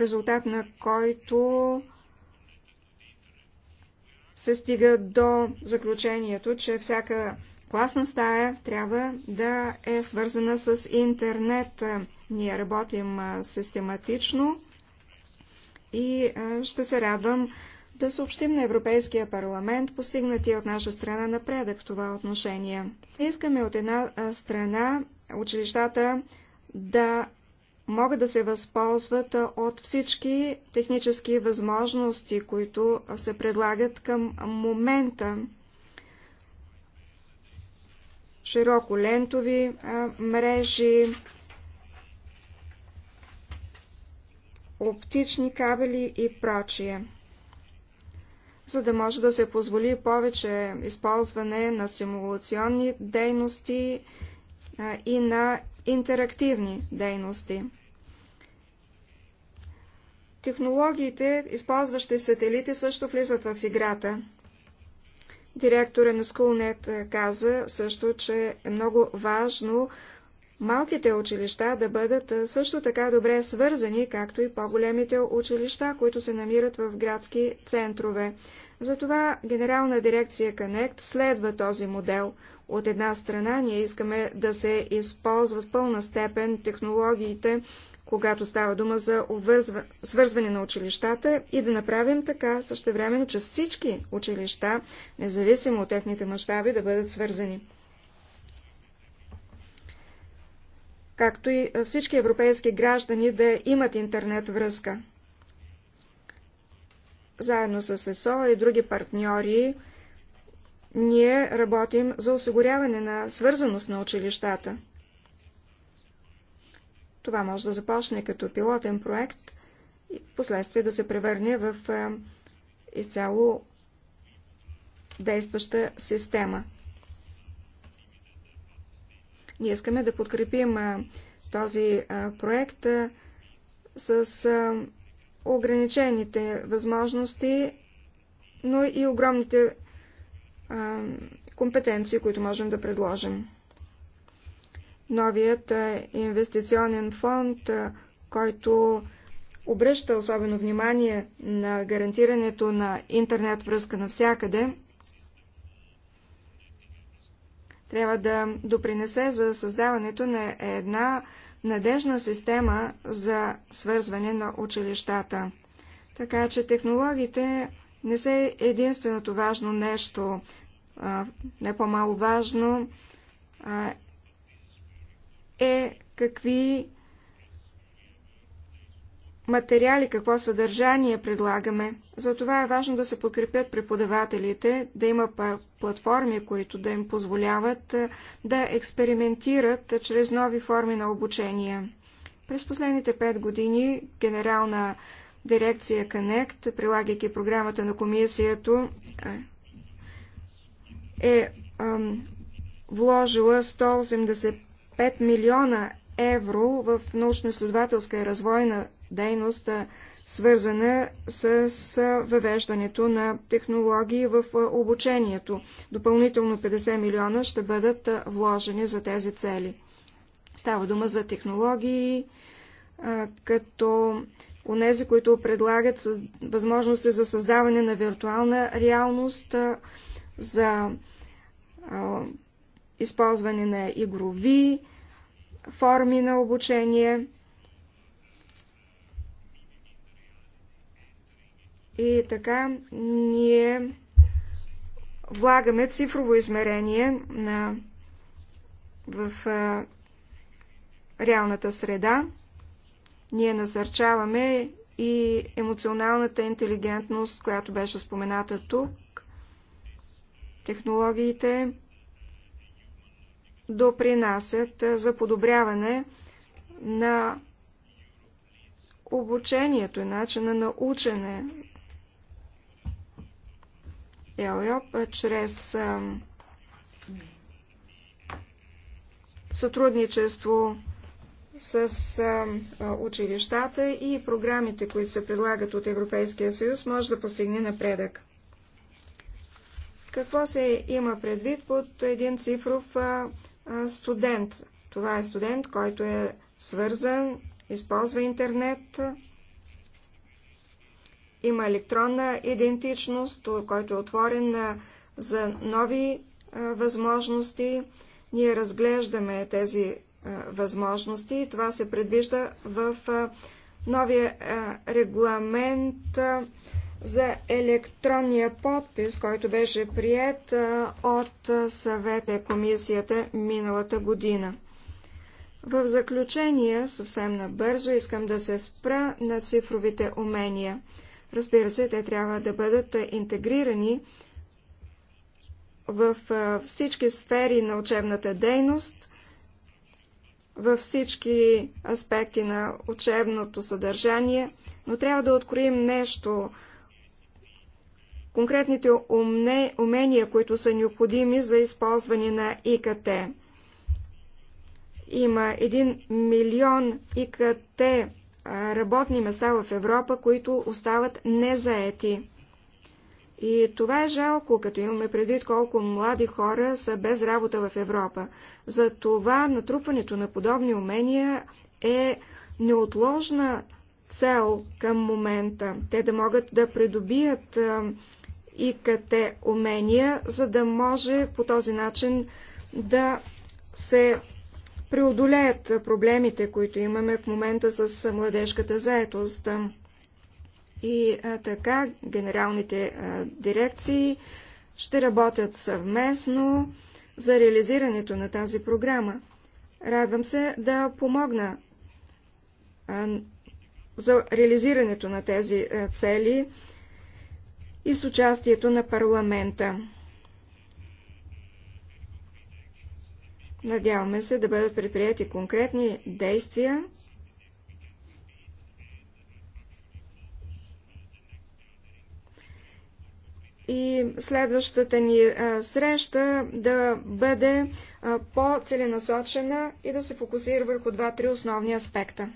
резултат на който се стига до заключението, че всяка класна стая трябва да е свързана с интернет. Ние работим систематично и ще се радвам да съобщим на Европейския парламент постигнати от наша страна напредък в това отношение. Искаме от една страна училищата да могат да се възползват от всички технически възможности, които се предлагат към момента. Широко лентови мрежи, оптични кабели и прочие за да може да се позволи повече използване на симулационни дейности и на интерактивни дейности. Технологиите, използващи сателити, също влизат в играта. Директора на Schoolnet каза също, че е много важно малките училища да бъдат също така добре свързани, както и по-големите училища, които се намират в градски центрове. Затова Генерална дирекция Connect следва този модел. От една страна ние искаме да се използват пълна степен технологиите когато става дума за увързва, свързване на училищата и да направим така същевременно, че всички училища, независимо от техните мащаби, да бъдат свързани. Както и всички европейски граждани да имат интернет връзка. Заедно с ЕСО и други партньори, ние работим за осигуряване на свързаност на училищата. Това може да започне като пилотен проект и последствие да се превърне в изцяло действаща система. Ние искаме да подкрепим този проект с ограничените възможности, но и огромните компетенции, които можем да предложим новият е, инвестиционен фонд, е, който обръща особено внимание на гарантирането на интернет връзка навсякъде, трябва да допринесе за създаването на една надежна система за свързване на училищата. Така че технологиите не са единственото важно нещо. Не по-мало важно е какви материали, какво съдържание предлагаме. Затова е важно да се подкрепят преподавателите, да има платформи, които да им позволяват да експериментират чрез нови форми на обучение. През последните пет години генерална дирекция Connect, прилагайки програмата на комисията, е вложила 180%. 5 милиона евро в научно-изследователска и развойна дейност, свързана с въвеждането на технологии в обучението. Допълнително 50 милиона ще бъдат вложени за тези цели. Става дума за технологии, като онези, които предлагат възможности за създаване на виртуална реалност, за използване на игрови форми на обучение и така ние влагаме цифрово измерение на, в а, реалната среда. Ние насърчаваме и емоционалната интелигентност, която беше спомената тук, технологиите, допринасят за подобряване на обучението и начина на учене. ЕОЙОП чрез сътрудничество с училищата и програмите, които се предлагат от Европейския съюз, може да постигне напредък. Какво се има предвид под един цифров студент. Това е студент, който е свързан, използва интернет, има електронна идентичност, който е отворен за нови възможности. Ние разглеждаме тези възможности и това се предвижда в новия регламент за електронния подпис, който беше прият от съвета и комисията миналата година. В заключение, съвсем набързо, искам да се спра на цифровите умения. Разбира се, те трябва да бъдат интегрирани в всички сфери на учебната дейност, във всички аспекти на учебното съдържание, но трябва да откроим нещо конкретните умения, които са необходими за използване на ИКТ. Има 1 милион ИКТ работни места в Европа, които остават незаети. И това е жалко, като имаме предвид колко млади хора са без работа в Европа. За това натрупването на подобни умения е неотложна цел към момента. Те да могат да придобият ИКТ умения, за да може по този начин да се преодолеят проблемите, които имаме в момента с младежката заетост. И а, така генералните а, дирекции ще работят съвместно за реализирането на тази програма. Радвам се да помогна а, за реализирането на тези а, цели и с участието на парламента. Надяваме се да бъдат предприяти конкретни действия, и следващата ни а, среща да бъде по-целенасочена и да се фокусира върху два-три основни аспекта.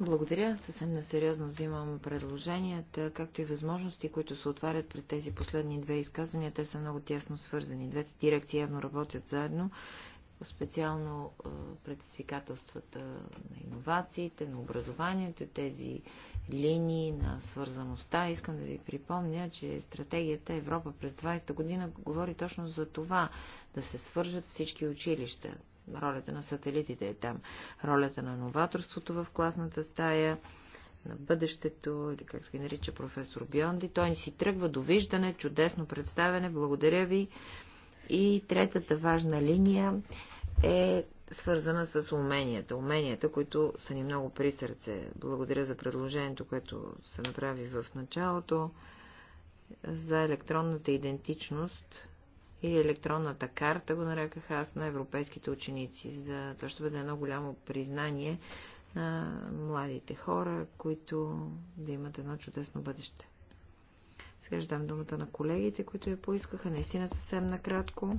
Благодаря. Съвсем насериозно взимам предложенията, както и възможности, които се отварят пред тези последни две изказвания. Те са много тясно свързани. Двете дирекции явно работят заедно. Специално предизвикателствата на иновациите, на образованието, тези линии на свързаността. Искам да ви припомня, че стратегията Европа през 20-та година говори точно за това, да се свържат всички училища, Ролята на сателитите е там. Ролята на новаторството в класната стая, на бъдещето, или както ги нарича професор Бионди. Той ни си тръгва. до виждане, чудесно представяне. Благодаря ви. И третата важна линия е свързана с уменията. Уменията, които са ни много при сърце. Благодаря за предложението, което се направи в началото за електронната идентичност или електронната карта, го нареках аз, на европейските ученици. За... Това ще бъде едно голямо признание на младите хора, които да имат едно чудесно бъдеще. Сега ще дам думата на колегите, които я поискаха, наистина съвсем накратко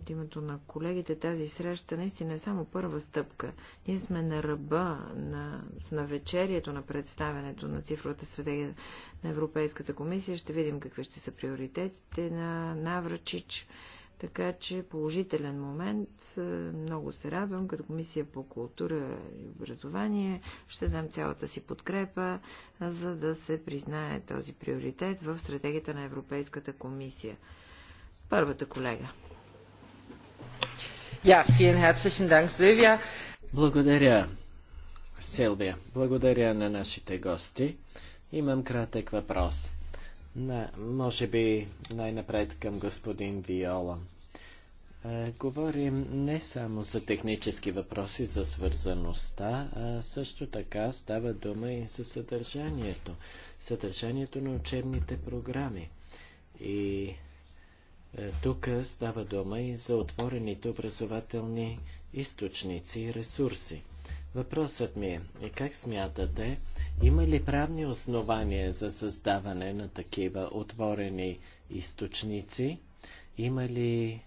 от името на колегите, тази среща наистина е само първа стъпка. Ние сме на ръба, на, на вечерието на представянето на цифровата стратегия на Европейската комисия. Ще видим какви ще са приоритетите на Наврачич. Така че положителен момент. Много се радвам, като Комисия по култура и образование ще дам цялата си подкрепа, за да се признае този приоритет в стратегията на Европейската комисия. Първата колега. Благодаря, Силвия. Благодаря на нашите гости. Имам кратък въпрос. На, може би най-напред към господин Виола. Е, говорим не само за технически въпроси за свързаността, а също така става дума и за съдържанието. Съдържанието на учебните програми. И е, тук става дума и за отворените образователни източници и ресурси. Въпросът ми е, как смятате, има ли правни основания за създаване на такива отворени източници? Има ли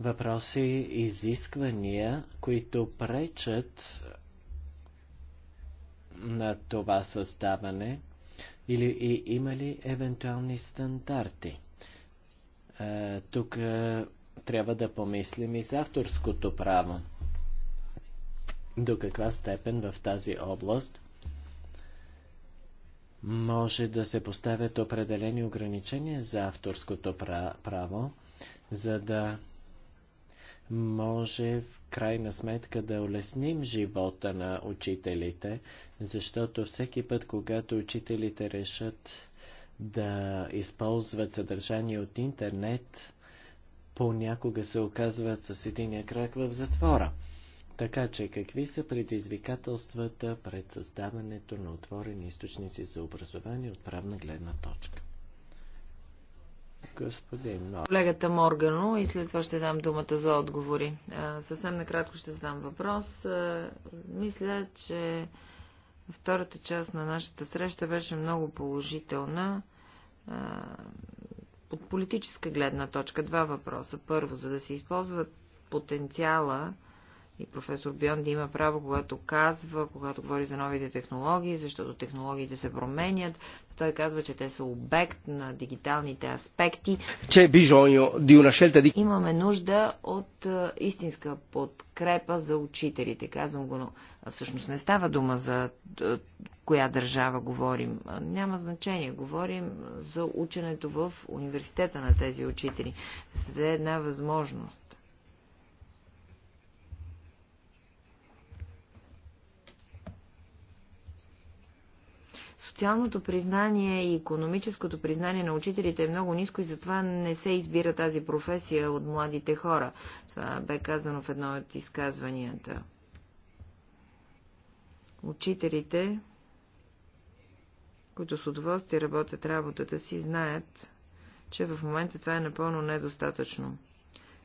въпроси, изисквания, които пречат на това създаване? Или и има ли евентуални стандарти? Е, тук е, трябва да помислим и за авторското право. До каква степен в тази област може да се поставят определени ограничения за авторското право, за да може в крайна сметка да улесним живота на учителите, защото всеки път, когато учителите решат да използват съдържание от интернет, понякога се оказват с единия крак в затвора. Така че какви са предизвикателствата пред създаването на отворени източници за образование от правна гледна точка? Господин Мор... Колегата Моргано и след това ще дам думата за отговори. А, съвсем накратко ще задам въпрос. А, мисля, че Втората част на нашата среща беше много положителна. От политическа гледна точка два въпроса. Първо, за да се използват потенциала и професор Бьонди, има право, когато казва, когато говори за новите технологии, защото технологиите се променят. Той казва, че те са обект на дигиталните аспекти. Че е ди di... Имаме нужда от е, истинска подкрепа за учителите. Казвам го, но всъщност не става дума за е, коя държава говорим. Няма значение. Говорим за ученето в университета на тези учители. За една възможност Социалното признание и економическото признание на учителите е много ниско и затова не се избира тази професия от младите хора. Това бе казано в едно от изказванията. Учителите, които с удоволствие работят работата си, знаят, че в момента това е напълно недостатъчно.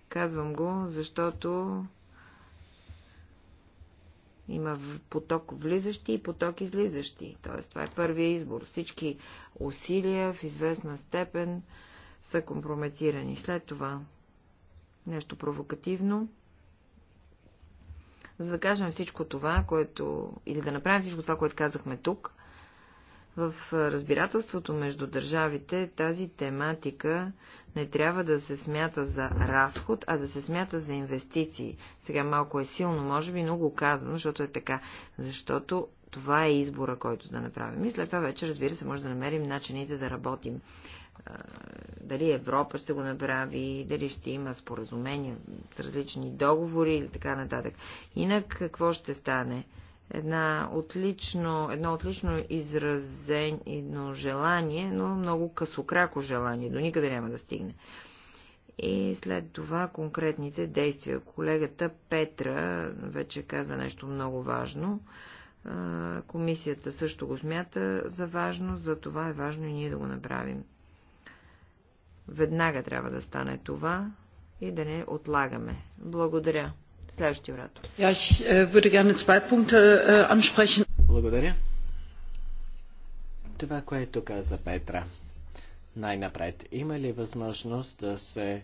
Казвам го, защото има поток влизащи и поток излизащи. Т.е. това е първия избор. Всички усилия в известна степен са компрометирани. След това нещо провокативно. За да кажем всичко това, което... или да направим всичко това, което казахме тук, в разбирателството между държавите тази тематика не трябва да се смята за разход, а да се смята за инвестиции. Сега малко е силно, може би, но го казвам, защото е така. Защото това е избора, който да направим. И след това вече, разбира се, може да намерим начините да работим. Дали Европа ще го направи, дали ще има споразумения с различни договори или така нататък. Инак какво ще стане? една отлично, едно отлично изразено желание, но много късокрако желание. До никъде няма да стигне. И след това конкретните действия. Колегата Петра вече каза нещо много важно. Комисията също го смята за важно, за това е важно и ние да го направим. Веднага трябва да стане това и да не отлагаме. Благодаря. Следващия оратор. Äh, äh, Благодаря. Това, което каза Петра. Най-напред, има ли възможност да се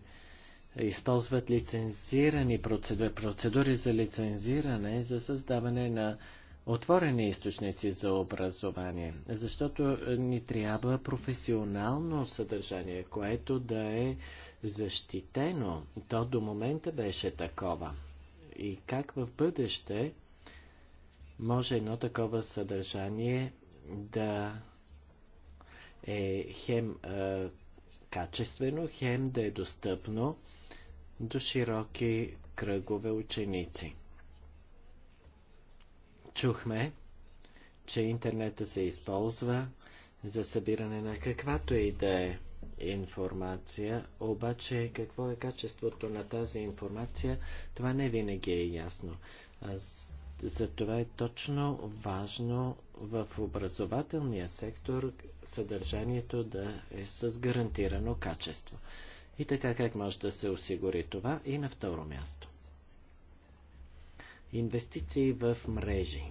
използват лицензирани процедури, процедури за лицензиране за създаване на отворени източници за образование, защото е, ни трябва професионално съдържание, което да е защитено. То до момента беше такова и как в бъдеще може едно такова съдържание да е хем е, качествено, хем да е достъпно до широки кръгове ученици. Чухме, че интернета се използва за събиране на каквато и да е информация, обаче какво е качеството на тази информация, това не винаги е ясно. Затова е точно важно в образователния сектор съдържанието да е с гарантирано качество. И така как може да се осигури това и на второ място. Инвестиции в мрежи.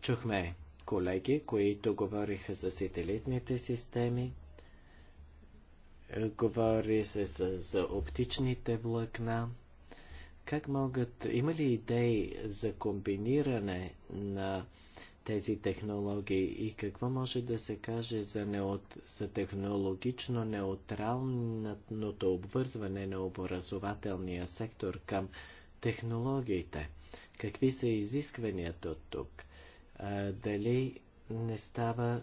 Чухме колеги, които говориха за сателитните системи. Говори се за, за оптичните влакна. Как могат, има ли идеи за комбиниране на тези технологии и какво може да се каже за, неот, за технологично неутралното обвързване на образователния сектор към технологиите? Какви са изискванията от тук? дали не става,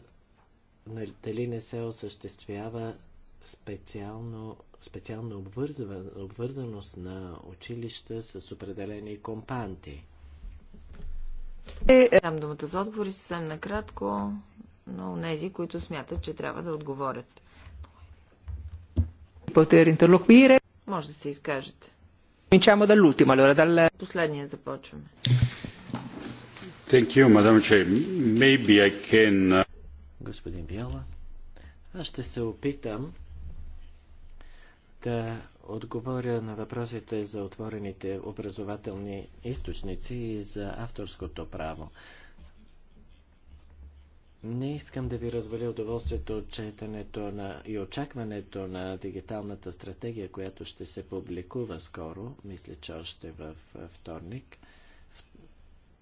дали не се осъществява специално, специална обвързва, обвързаност на училища с определени компанти. Е, е, дам думата за отговори съвсем накратко но нези, които смятат, че трябва да отговорят. Може да се изкажете. Cominciamo dall'ultimo, allora dal... Последния започваме. Thank you, Madam Chair. Maybe I can... Uh, Господин Виола, аз ще се опитам да отговоря на въпросите за отворените образователни източници и за авторското право. Не искам да ви разваля удоволствието от четенето на и очакването на дигиталната стратегия, която ще се публикува скоро, мисля, че още във вторник.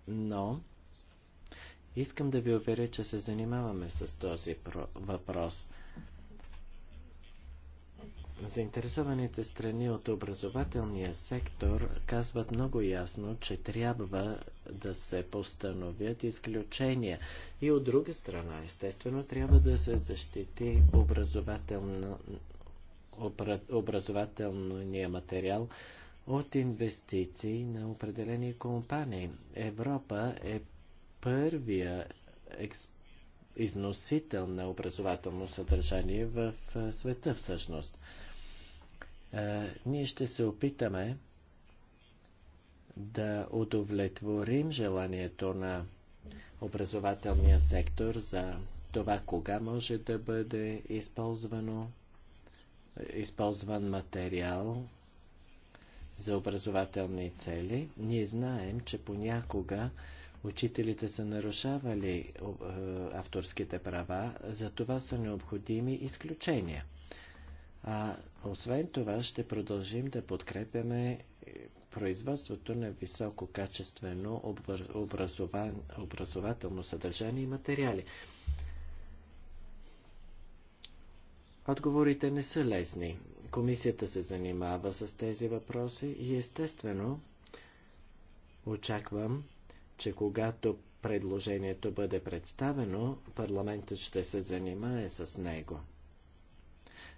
Но Искам да ви уверя, че се занимаваме с този въпрос. Заинтересованите страни от образователния сектор казват много ясно, че трябва да се постановят изключения. И от друга страна, естествено, трябва да се защити образователно, образователния материал от инвестиции на определени компании. Европа е първия износител на образователно съдържание в света всъщност. ние ще се опитаме да удовлетворим желанието на образователния сектор за това кога може да бъде използвано, използван материал за образователни цели. Ние знаем, че понякога Учителите са нарушавали е, авторските права, за това са необходими изключения. А освен това ще продължим да подкрепяме е, производството на висококачествено образователно съдържание и материали. Отговорите не са лесни. Комисията се занимава с тези въпроси и естествено очаквам че когато предложението бъде представено, парламентът ще се занимае с него.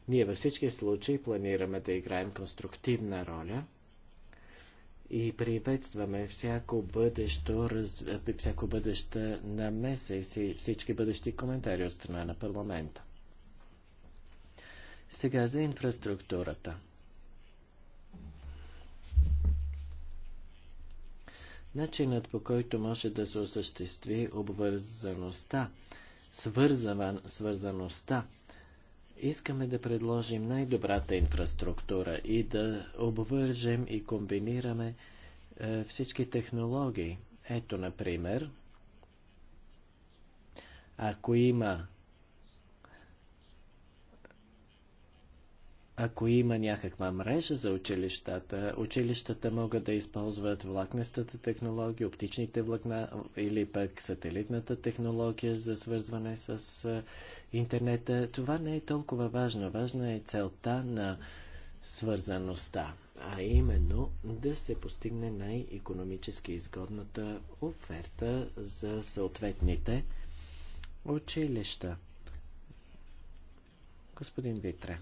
Ние във всички случаи планираме да играем конструктивна роля и приветстваме всяко бъдещо, раз... всяко бъдеща намеса и всички бъдещи коментари от страна на парламента. Сега за инфраструктурата. Начинът по който може да се осъществи обвързаността, свързаван свързаността, искаме да предложим най-добрата инфраструктура и да обвържем и комбинираме е, всички технологии. Ето, например, ако има Ако има някаква мрежа за училищата, училищата могат да използват влакнестата технология, оптичните влакна или пък сателитната технология за свързване с интернета. Това не е толкова важно. Важна е целта на свързаността, а именно да се постигне най-економически изгодната оферта за съответните училища. Господин Витре.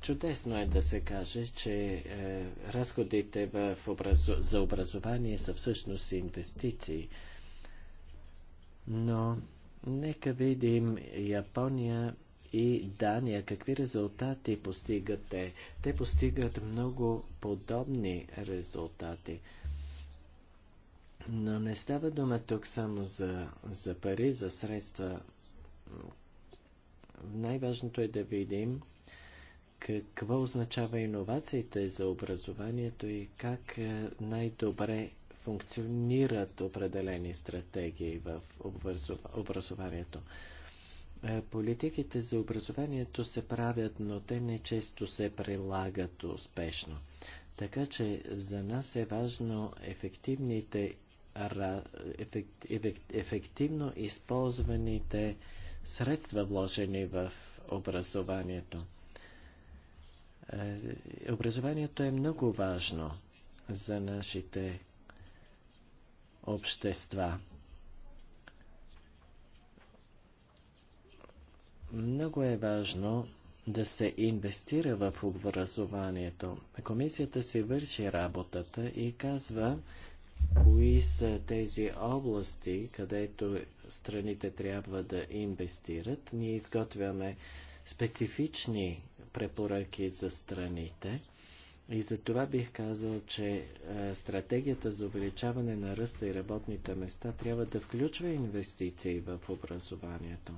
Чудесно е да се каже, че е, разходите в образу... за образование са всъщност инвестиции. Но нека видим Япония и Дания, какви резултати постигат те. Те постигат много подобни резултати. Но не става дума тук само за, за пари, за средства. Най-важното е да видим какво означава иновациите за образованието и как е, най-добре функционират определени стратегии в образованието. Е, политиките за образованието се правят, но те не често се прилагат успешно. Така че за нас е важно ефективните, ефективно използваните средства, вложени в образованието. Е, образованието е много важно за нашите общества. Много е важно да се инвестира в образованието. Комисията си върши работата и казва, кои са тези области, където страните трябва да инвестират. Ние изготвяме специфични препоръки за страните. И за това бих казал, че е, стратегията за увеличаване на ръста и работните места трябва да включва инвестиции в образованието.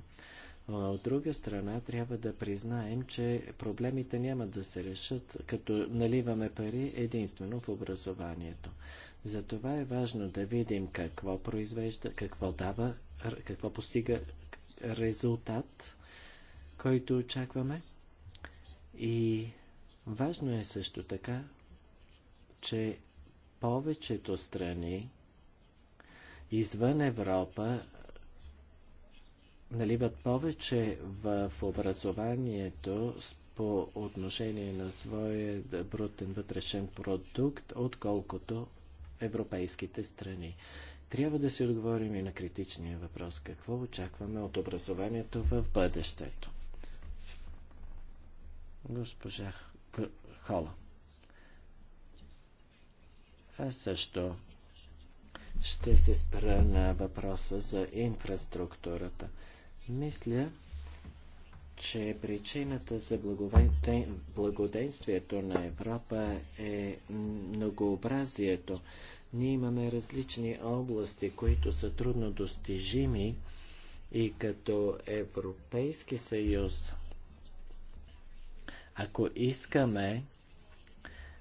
От друга страна, трябва да признаем, че проблемите няма да се решат, като наливаме пари единствено в образованието. Затова е важно да видим какво произвежда, какво дава, какво постига резултат, който очакваме и важно е също така, че повечето страни извън Европа наливат повече в образованието по отношение на своя брутен вътрешен продукт, отколкото европейските страни. Трябва да си отговорим и на критичния въпрос. Какво очакваме от образованието в бъдещето? госпожа Хола. Аз също ще се спра на въпроса за инфраструктурата. Мисля, че причината за благоденствието на Европа е многообразието. Ние имаме различни области, които са трудно достижими и като Европейски съюз ако искаме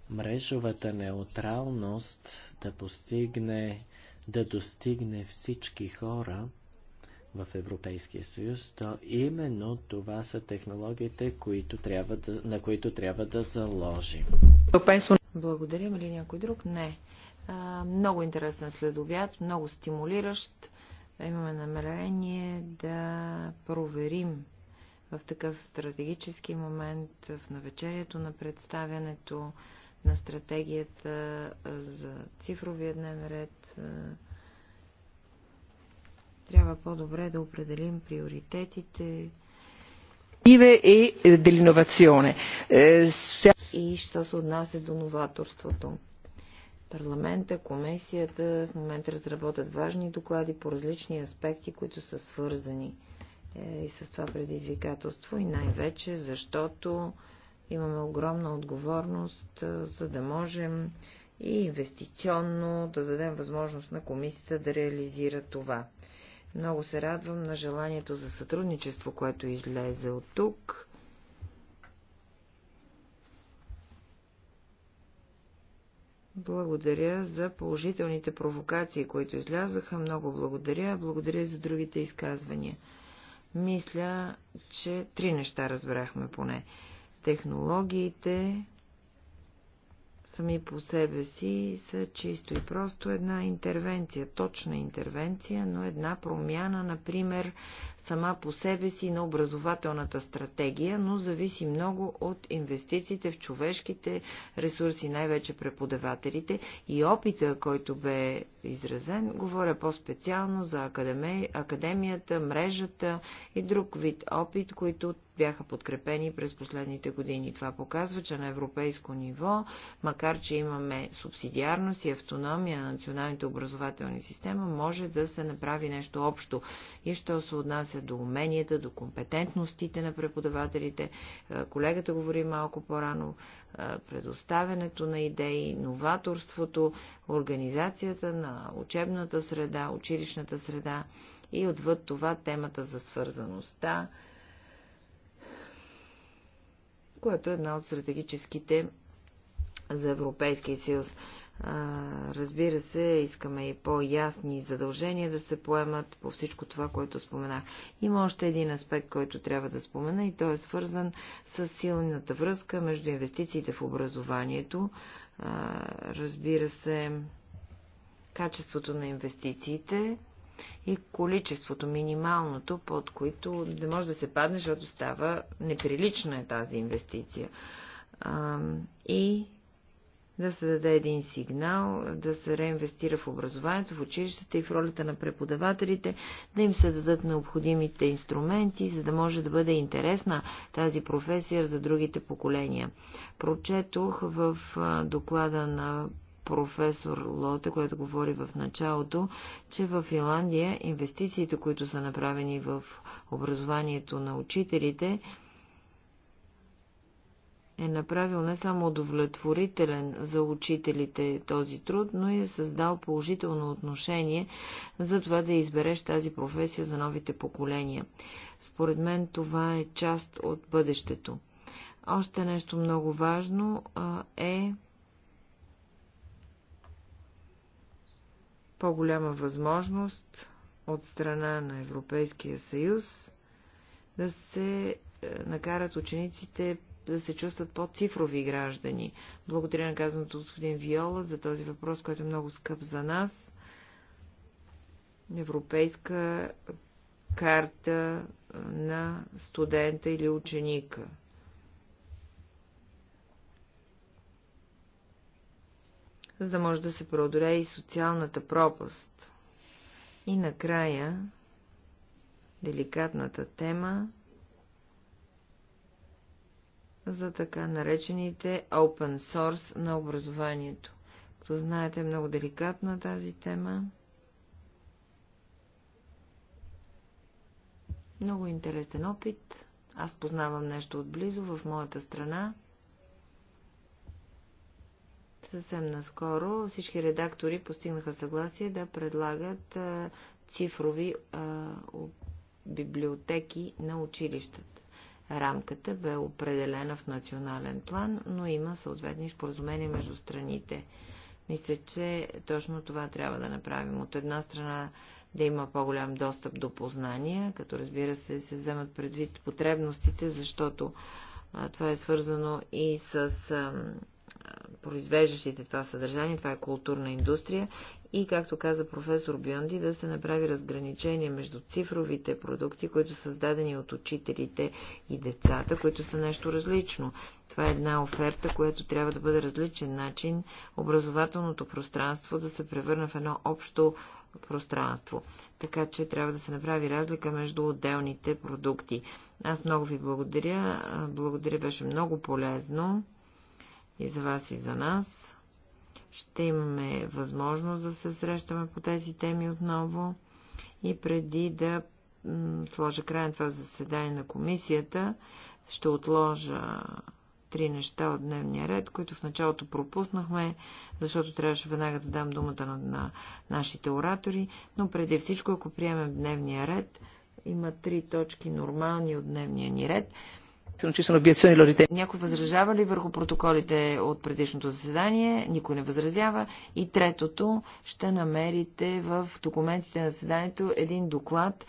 мрежовата неутралност да постигне, да достигне всички хора в Европейския съюз, то именно това са технологиите, които трябва да, на които трябва да заложим. Благодарим ли някой друг? Не. А, много интересен следобят, много стимулиращ. Имаме намерение да проверим в такъв стратегически момент, в навечерието на представянето на стратегията за цифровия дневен ред, трябва по-добре да определим приоритетите. И е, делиновационе. Е, и що се отнася до новаторството. Парламента, комисията в момента разработят важни доклади по различни аспекти, които са свързани – е, и с това предизвикателство и най-вече защото имаме огромна отговорност, е, за да можем и инвестиционно да дадем възможност на комисията да реализира това. Много се радвам на желанието за сътрудничество, което излезе от тук. Благодаря за положителните провокации, които излязаха. Много благодаря. Благодаря за другите изказвания. Мисля, че три неща разбрахме поне. Технологиите сами по себе си са чисто и просто една интервенция, точна интервенция, но една промяна, например, сама по себе си на образователната стратегия, но зависи много от инвестициите в човешките ресурси, най-вече преподавателите и опита, който бе изразен, говоря по-специално за академи... академията, мрежата и друг вид опит, които бяха подкрепени през последните години. Това показва, че на европейско ниво, макар че имаме субсидиарност и автономия на националните образователни системи, може да се направи нещо общо. И що се отнася знанията, до уменията, до компетентностите на преподавателите. Е, колегата говори малко по-рано. Е, предоставянето на идеи, новаторството, организацията на учебната среда, училищната среда и отвъд това темата за свързаността, което е една от стратегическите за Европейския съюз Разбира се, искаме и по-ясни задължения да се поемат по всичко това, което споменах. Има още един аспект, който трябва да спомена и той е свързан с силната връзка между инвестициите в образованието. Разбира се, качеството на инвестициите и количеството, минималното, под които не може да се падне, защото става неприлична е тази инвестиция. И да се даде един сигнал, да се реинвестира в образованието, в училищата и в ролята на преподавателите, да им се дадат необходимите инструменти, за да може да бъде интересна тази професия за другите поколения. Прочетох в доклада на професор Лоте, който говори в началото, че в Финландия инвестициите, които са направени в образованието на учителите, е направил не само удовлетворителен за учителите този труд, но и е създал положително отношение за това да избереш тази професия за новите поколения. Според мен това е част от бъдещето. Още нещо много важно а, е по-голяма възможност от страна на Европейския съюз да се е, накарат учениците да се чувстват по-цифрови граждани. Благодаря на казаното господин Виола за този въпрос, който е много скъп за нас. Европейска карта на студента или ученика. За да може да се преодолее и социалната пропаст. И накрая деликатната тема за така наречените open source на образованието. Като знаете, е много деликатна тази тема. Много интересен опит. Аз познавам нещо отблизо в моята страна. Съвсем наскоро всички редактори постигнаха съгласие да предлагат цифрови библиотеки на училищата. Рамката бе определена в национален план, но има съответни споразумения между страните. Мисля, че точно това трябва да направим. От една страна да има по-голям достъп до познания, като разбира се се вземат предвид потребностите, защото а, това е свързано и с а, произвеждащите това съдържание, това е културна индустрия и, както каза професор Бионди, да се направи разграничение между цифровите продукти, които са създадени от учителите и децата, които са нещо различно. Това е една оферта, която трябва да бъде различен начин образователното пространство да се превърне в едно общо пространство. Така че трябва да се направи разлика между отделните продукти. Аз много ви благодаря. Благодаря, беше много полезно и за вас, и за нас. Ще имаме възможност да се срещаме по тези теми отново и преди да сложа край на това заседание на комисията, ще отложа три неща от дневния ред, които в началото пропуснахме, защото трябваше веднага да дам думата на, на нашите оратори, но преди всичко, ако приемем дневния ред, има три точки нормални от дневния ни ред. Някой възражава ли върху протоколите от предишното заседание? Никой не възразява. И третото ще намерите в документите на заседанието един доклад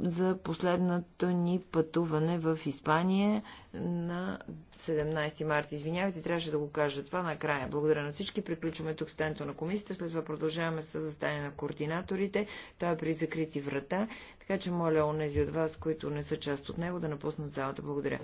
за последното ни пътуване в Испания на 17 марта. Извинявайте, трябваше да го кажа това накрая. Благодаря на всички. Приключваме тук стенто на комисията. След това продължаваме с застане на координаторите. Това е при закрити врата. Така че моля онези от вас, които не са част от него, да напуснат залата. Благодаря.